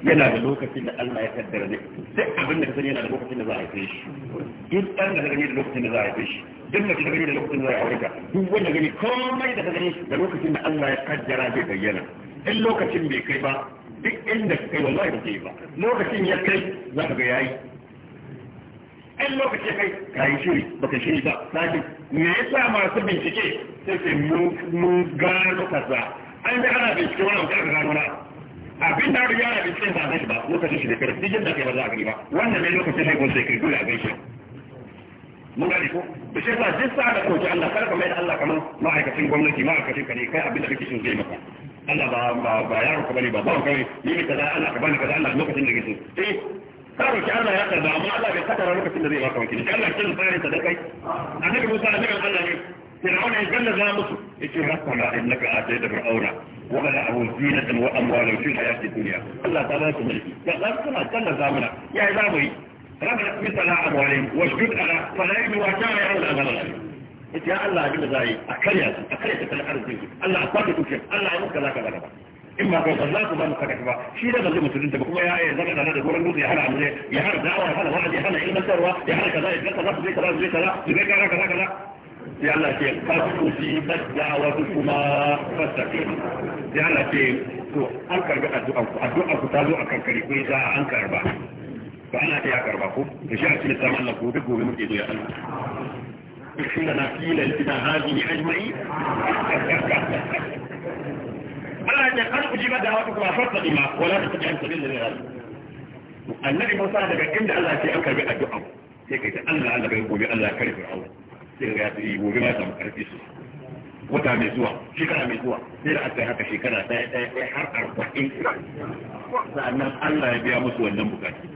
yana da lokacin da Allah ya kaddara ne duk abin da ka sani yana da lokacin da za a haife shi duk ɗan da gani da lokacin da za a haife shi duk mace da gani da lokacin da za a yi ka duk wanda gani komai da ka gani da lokacin da Allah ya kaddara zai bayyana in lokacin bai kai ba duk inda ka kai wallahi ba kai ba lokacin ya kai za ka ga yayi in lokacin ya kai ka yi shiri baka shiri ba sai me yasa masu bincike sai sai mun gano kaza an da ana bincike wannan kaza gano na abin da riya da bincin da zai ba lokacin shi da karfi jin da kai ba za a gani ba wannan ne lokacin sai gonsa kai dole a gaishe mun gani ko da shi sa duk sa da koki Allah kar ka mai da Allah kaman ma'aikacin gwamnati ma'aikacin ka ne kai abin da kake so zai maka Allah ba ba ba yaro ka bane ba ba kai ni kaza Allah ka bani kaza Allah lokacin da kake so eh karo ki Allah ya karba amma Allah bai katara lokacin da zai baka wakili Allah kin tsare ta da kai annabi Musa annabi Allah ne فرعون يبلغ مصر اتركنا انك اتيت فرعون وملأه زينة واموالا في الحياة الدنيا الله تعالى يقول يا الله كما تلا زامنا يا عبادي ربنا مثل اموالين واشدد على فلايم وكان يعمل امالا يا الله جل زاي اكريا اكريا في الارض الله اصابك كيف الله يمك ذاك ذاك إما قد الله كما مكتك بقى شيء ده لازم تدين تبقى يا إيه زمان أنا ده قرن يا هلا دعوة يا هلا دعوة يا السروة وعد يا هلا إيه مسروة يا هلا كذا كذا كذا كذا كذا كذا كذا كذا يلا كي قد أصيبت دعوتكما فاستقيم يلا كي to an karbi addu'an ku addu'an ku ta zo akan kare ko za an karba to ana ta ya karba ko da shi a cikin san Allah ko duk gobe muke zo ya Allah إن نقيل لنا هذه أجمعين Allah ya kan ujiba da wata kuma farta dima wala ta ji hankali da rayuwa annabi Musa daga inda Allah ya ce an karbi addu'a sai kai ta Allah Allah bai gobe Allah ya karbi aure sai ga yi gobe ma samu karfi su wata mai zuwa shekara mai zuwa sai da aka haka shekara ɗaya ɗaya ɗaya har arba'in sa'annan Allah ya biya musu wannan bukatu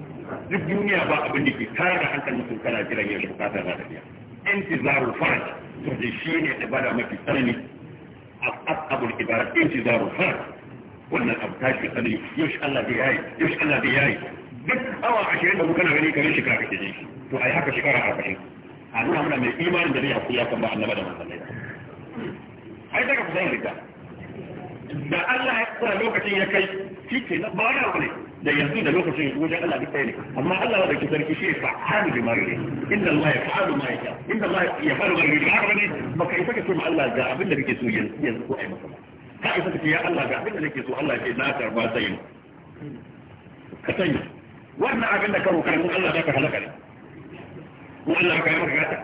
duk duniya ba abin da ke tara da hankalin su kana jiran yau bukatar za ta biya intizarul faraj to da shi ne bada mafi tsanani a abul ibada intizarul faraj wannan abu ta shi tsanani yau shi Allah bai yayi yau shi Allah bai yayi duk awa ashirin da kuka na gani kare shekara kake ji to yi haka shekara arba'in a nuna muna mai imanin da zai hakuri akan ba annaba da manzanni ai daga ku zan rika da Allah ya kura lokacin ya kai shi ke ba ne da yanzu da lokacin ya wajen Allah duk ne amma Allah ya dauki sarki shi fa hadu bi marri inna Allah ya fa'alu ma yasha inna Allah ya fa'alu ma yasha haka ne baka yi saka ce ma Allah ga abin da kake so yanzu yanzu ko ai maka ka isa ka ce ya Allah ga abin da nake so Allah ce na karba sai ka sani wannan abin da ka roƙa mun Allah zaka halaka ne wannan kai maka gata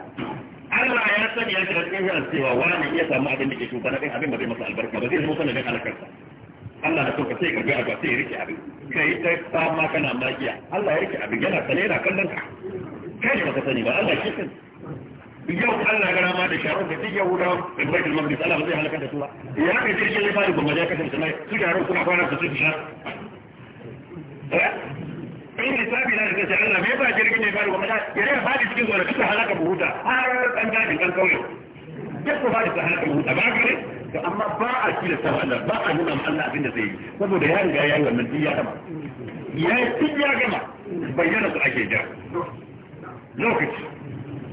Allah ya sani ya kira cewa wani iya samu abin da ke shugaba din abin ba zai masa albarka ba zai zo alakarsa Allah da kanka sai karbi abu sai rike abin kai ta fama kana magiya Allah ya rike abin yana sane yana kallon ka kai ba ka sani ba Allah shi kan yau Allah ya rama da sharon da duk Yahuda da Baitul Maqdis Allah ba zai halaka da su ba ya kai jirgin ya fara gumma kasance mai su sharon suna su sha eh? in lissafi na daga sha'an nan ba jirgin ne faru kuma ya rika fadi cikin zuwa duka halaka buhuta har kan gadi kan kauye duk ku fadi ta halaka buhuta ba gare to amma ba a kila ta Allah ba a nuna ma Allah abin da zai yi saboda ya riga ya yi wannan ya gama ya yi ya gama bayyana su ake jira lokaci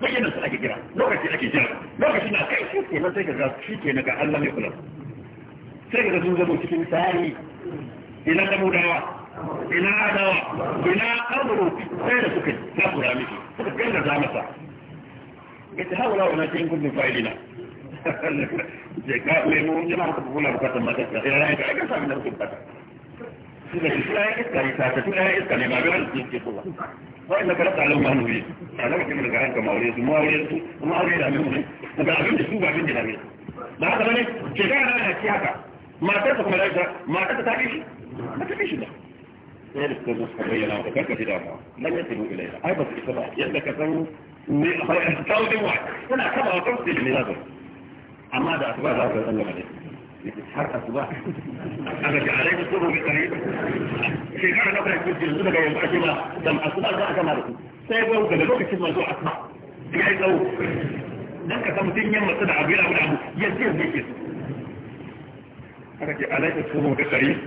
bayyana su ake jira lokaci ake jira lokaci na kai shi ke nan sai ka ga shi ke na ga Allah mai kula sai ka ga sun zama cikin tsari ina da mu mudawa ina adawa ina amru sai da suka takura miki suka ganda za masa ita haula wa nake in gudun fa'ilina je ka mai mu jama'a ka kula bukatun mata ka ina rai ka aika sa min rukun bata suka shi ya iska ne ta ta tuka iska ne ba ga ran ke ke kula wa inna ka rasa alau ma nuri a lokacin da garan ka maure su maure su kuma aure da mu ne daga abin da su ba abin da dame ba haka bane ke ga ran ka haka matar ta kuma da matar ta ta kishi ba ta kishi ba sai da suka zo suka bayyana ka kanka ji damuwa nan ya tilu ilaiha ai ba su isa ba yadda ka san ne a taudin wa yana kama wa kansu da ne za amma da asuba za ka tsallaka ne har asuba aka ga alaihi subu bi qarib shekara na kai kujin su daga yanzu ake ba dan asuba za a gama da su sai ga daga lokacin manzo asuba ya yi tsawo dan da abu da abu ce bi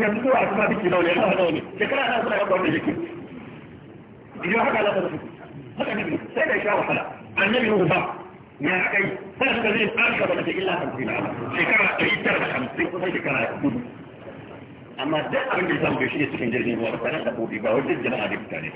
yanzu zuwa a kuma biki launi yana launi shekara na suna yabon da jiki idan haka za ta zafi haka ne sai da sha wahala annabi nuhu ba ya aka yi sai suka zai tsarka ba mace illa hamsin shekara ɗari tara da hamsin kusan shekara hudu amma duk abin da ya samu gashi ne cikin jirgin ruwa ba tare da dabbobi ba wajen jama'a da mutane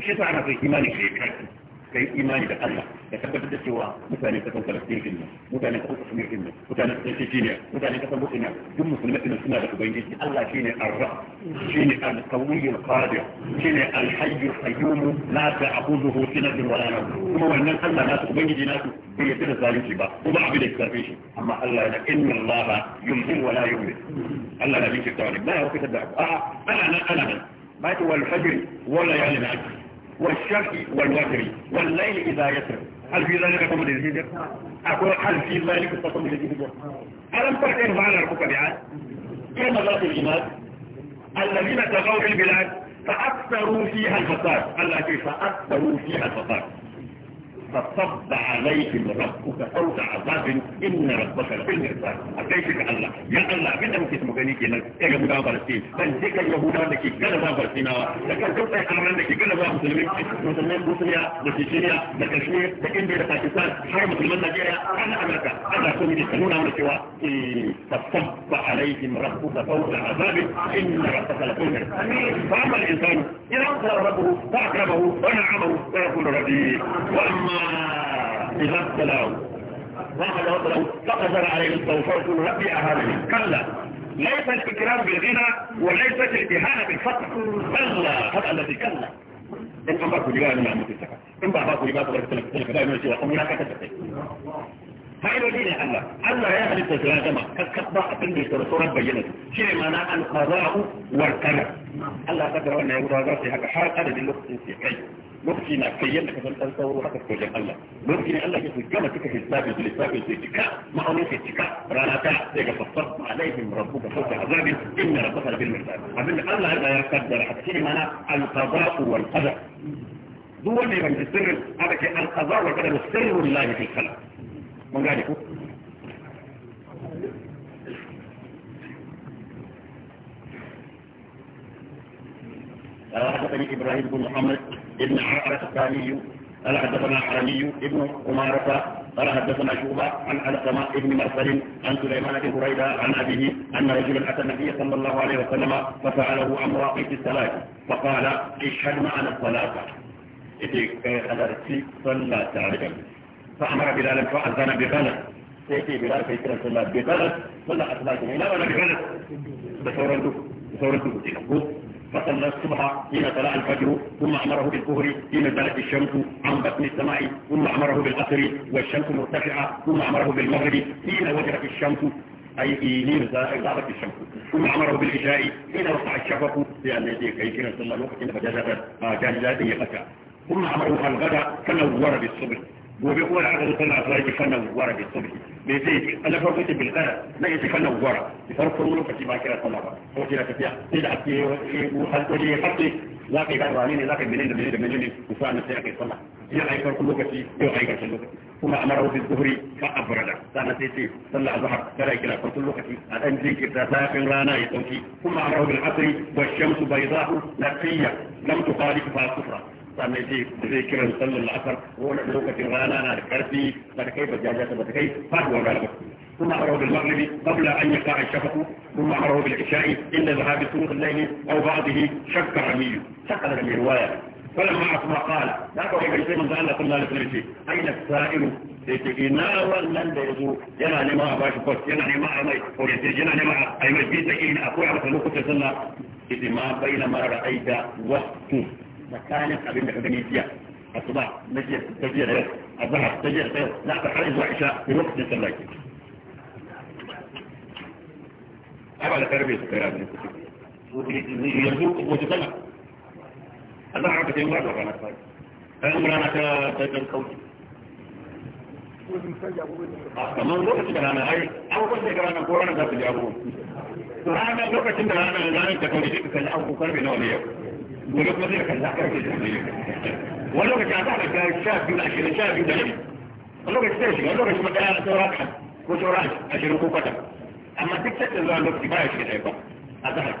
shi sa ana sai imani shi ya karfi ka yi imani da Allah ka tabbatar da cewa mutane kasan Palestine din nan mutane kasan Kashmir din nan mutane kasan Syria mutane kasan Burkina duk musulmai din suna da ubangiji Allah shine Ar-Rabb shine Al-Qawiyyu Al-Qadir shine Al-Hayy Al-Qayyum la ta'khudhuhu sinatun wa la nawm kuma wannan Allah nasu ubangiji nasu bai yarda da zalunci ba kuma abin da karfe shi amma Allah yana inna Allah yumhi wa la yumhi Allah na bin shi tawali ba ya wakata da a'a ana nan ana nan ba ta wal fajr wala ya'lamu والشرق والوتر والليل إذا يسر هل في ذلك قوم الهجر؟ أقول هل في ذلك قوم الهجر؟ ألم تر كيف فعل ربك بعاد؟ كيف ذات الإيمان؟ الذين تغوا في البلاد فأكثروا فيها الفساد، الله كيف فأكثروا فيها الفساد فصب عليهم ربك فوق عذاب ان ربك لكل انسان اتيت بان الله يا الله من انت مغنيك يا جماعه فلسطين بل تلك اليهود انك كلها فلسطين لكن كنت اعلم انك كلها مسلمين مسلمين بوسنيا بسيسيريا بكشمير بكندي باكستان حرم في المنجيريا انا امريكا انا كل اللي يسالون عن السواء إيه، فصب عليهم ربك فوق عذاب ان ربك لكل انسان فاما الانسان اذا انكر ربه فاكرمه ونعمه فيكون رديئا واما إذا ابتلاه واحد أبتلاه فقدر عليه التوفيق ربي أهانني كلا ليس الإكرام بالغنى وليس الإهانة بالفقر كلا هذا الذي كلا إن أمرك لباء لما أمرك السكة إن بأباك لباء تبارك تلك تلك دائما يشيء وقم تتكي هاي دين الله الله يا أهل التزلاجمة كتبع تنجي رسول بينة شيء معنى القضاء والقدر الله قدر أن يقول هذا في حق حال قدر اللقص في حي ممكن اكيد انك تنسى وحتى تقول لك الله ممكن الله يقول كما تكفي الباب اللي الباب اللي تكا ما هو في تكا رانا تا تيجا عليهم ربك فوق عذاب ان ربك بالمرتاب قبل الله هذا يا قد راح تحكي معنا القضاء والقدر دول اللي من السر القضاء والقدر سر الله في الخلق من قال لكم Uh, I Ibrahim will come ابن الثاني قال حدثنا حرمي ابن عمارة قال حدثنا شعبة عن علقمة ابن مرسل عن سليمان بن هريرة عن أبيه أن رجلا أتى النبي صلى الله عليه وسلم ففعله أمر في الصلاة فقال اشهد معنا الصلاة أدركت آه، صلى تعالى فأمر بلالا فأذن بغلط سيتي بلال في كلا صلى بغلط صلى أصلاته لا ولا بغلط بصورة دوك فصلى الصبح حين طلع الفجر ثم امره بالظهر حين زالت الشمس عن بطن السماء ثم امره بالعصر والشمس مرتفعه ثم امره بالمغرب حين وجهت الشمس أي حين ذهبت الشمس ثم أمره بالعشاء حين وقع الشفق لأن يديك أي ثم صلى الله عليه وسلم فجلد جلد ثم أمره الغداء فنور بالصبح وبيقول عدد السنة لا يتكلم ورا بالصبح بيزيد أنا فرقت بالآن لا يتكلم ورا يفرق فرمونه فتي باكرة صلاة وكلا فتيا إذا أتي وحلقوني حقي لكن كان رامين لكن منين منين منين وفعنا سيأتي صلاة يا أي فرق لوكتي يا أي فرق لوكتي ثم أمره في الظهر فأبرد سنة سيتي صلى الظهر فلا كلا فرق لوكتي الآن ذيك رانا يتوكي ثم أمره بالعصر والشمس بيضاء نقية لم تخالف فاصفرة sannan sai zai kiran sallar la'asar ko wani lokacin rana na da karfi ba ta kai bajaja ثم أراد بالمغرب قبل أن يقطع الشفق ثم أراد بالعشاء إلا ذهاب ثلث الليل أو بعضه شك رمي شك رمي رواية فلما أسمع قال لا تقول لك شيء من ذلك قلنا لك نفسي أين السائل سيتقينا ولن يزور ينا نماء باش بس ينا نماء مي وليس ينا نماء أي مجبين تقين أقوى على سلوك السنة إذ ما بين ما رأيت وقت tsakanin abin da ka gani jiya asuba na jiya ta jiya yau azhar ta jiya yau na ta har zuwa isha da lokacin sallah ke ai ba da karbe su kai abin yanzu wace sallah azhar aka ce ba da rana ta ɗan rana ta ta ɗan kauci kamar lokacin da rana ai abubuwan da rana ko rana za su ji abubuwan rana lokacin da rana ranar ta kauci sai ka kalli abubuwan karbe nawa ne yau ولو كذلك الزحكة ولو كنت أعطاك شاب يوم عشرين شاب يوم دليل ولو كنت تشغل ولو كنت مدعي سوراك وسوراك عشرين كوكتك أما تكتك الله لو كنت بايش كده أزحك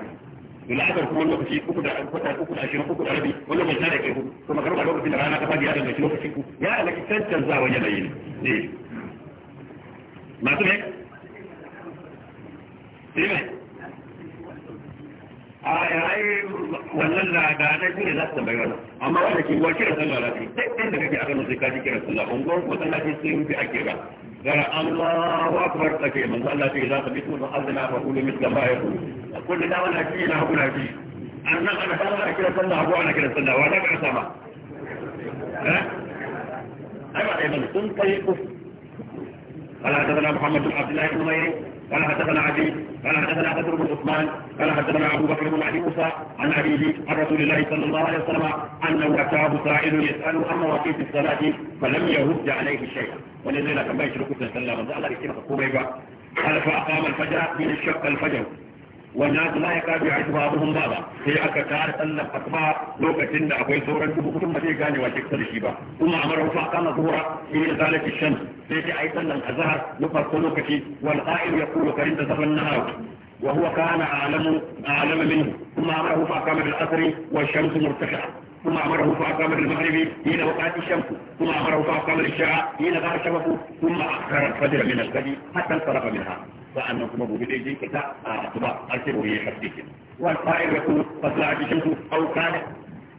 بالعدد كمان لو كنت أكد أكد أكد عشرين أكد عربي ولو كنت ذلك ثم قرب على وقت الرانة كفادي هذا المشروع كتكو يا لك wannan ladanai amma wanda ke wa kira sai kake a sai ka kira ake ba gara Allahu akbar manzo Allah ce za ka bi fa kullu na ana kira ana kira ka sama eh? ai ba sun kai ku قال حدثنا عدي قال حدثنا بدر بن عثمان قال حدثنا ابو بكر بن ابي موسى عن ابيه عن رسول الله صلى الله عليه وسلم انه اتاه سائل يسال عن مواقيت الصلاه فلم يرد عليه شيئا ولذلك ما يشرك في الصلاه من الله يكرمك قال فاقام الفجر من الشق الفجر والناس لا يكاد يعرف بعضهم بعضا sai aka tare sallar asuba lokacin da akwai sauran dubu kudin ba zai gane wa shekar shi ba kuma amara hufa kana zuhura in zalati shams sai dai ai sallar azhar na farko lokaci wal qa'il yaqulu karin da zaman nahar wa huwa kana a'lamu a'lamu minhu kuma amara hufa kana bil asri wa shamsu murtashi'a ثم أمره فأقام المغرب حين وقعت الشمس ثم أمره فأقام العشاء حين غار الشمس ثم أخر الفجر من الغد حتى انصرف منها فأنه ثم بدأ كتاب آه، أعتبار أرسله حسيك والقائل يقول فطلعت الشمس أو كانت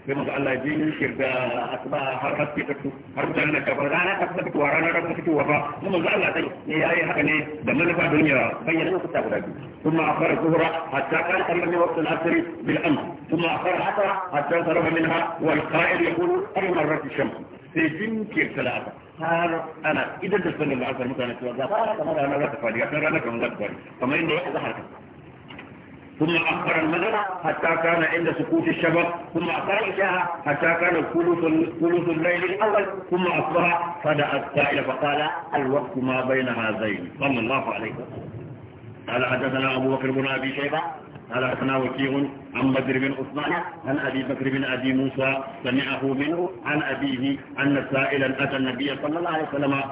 sai muka Allah ji shirga asuba har haske ta fito har mutane na kafa rana ta fita fitowa rana ta fita fitowa ba mun manzo Allah sai ne eh, yayi haka ne da manufa don ya bayyana muku ta guda biyu kuma akhar zuhra hatta kan kamar ne waqtul asr bil amr kuma akhar hatta hatta sarfa minha wal qa'id yaqulu ay marrat ash-shams sai jinkir talata har ana idan da sanin da asar mutane cewa za kamar ranar ta ranar kamar inda ya ثم أخر المغرب حتى كان عند سقوط الشفق ثم أخر العشاء حتى كان ثلث الليل الأول ثم أخر فدعا السائل فقال الوقت ما بين هذين صلى الله عليه وسلم قال حدثنا أبو بكر بن أبي شيبة قال حدثنا وكيع عن بدر بن عثمان عن ابي بكر بن ابي موسى سمعه منه عن ابيه ان سائلا اتى النبي صلى الله عليه وسلم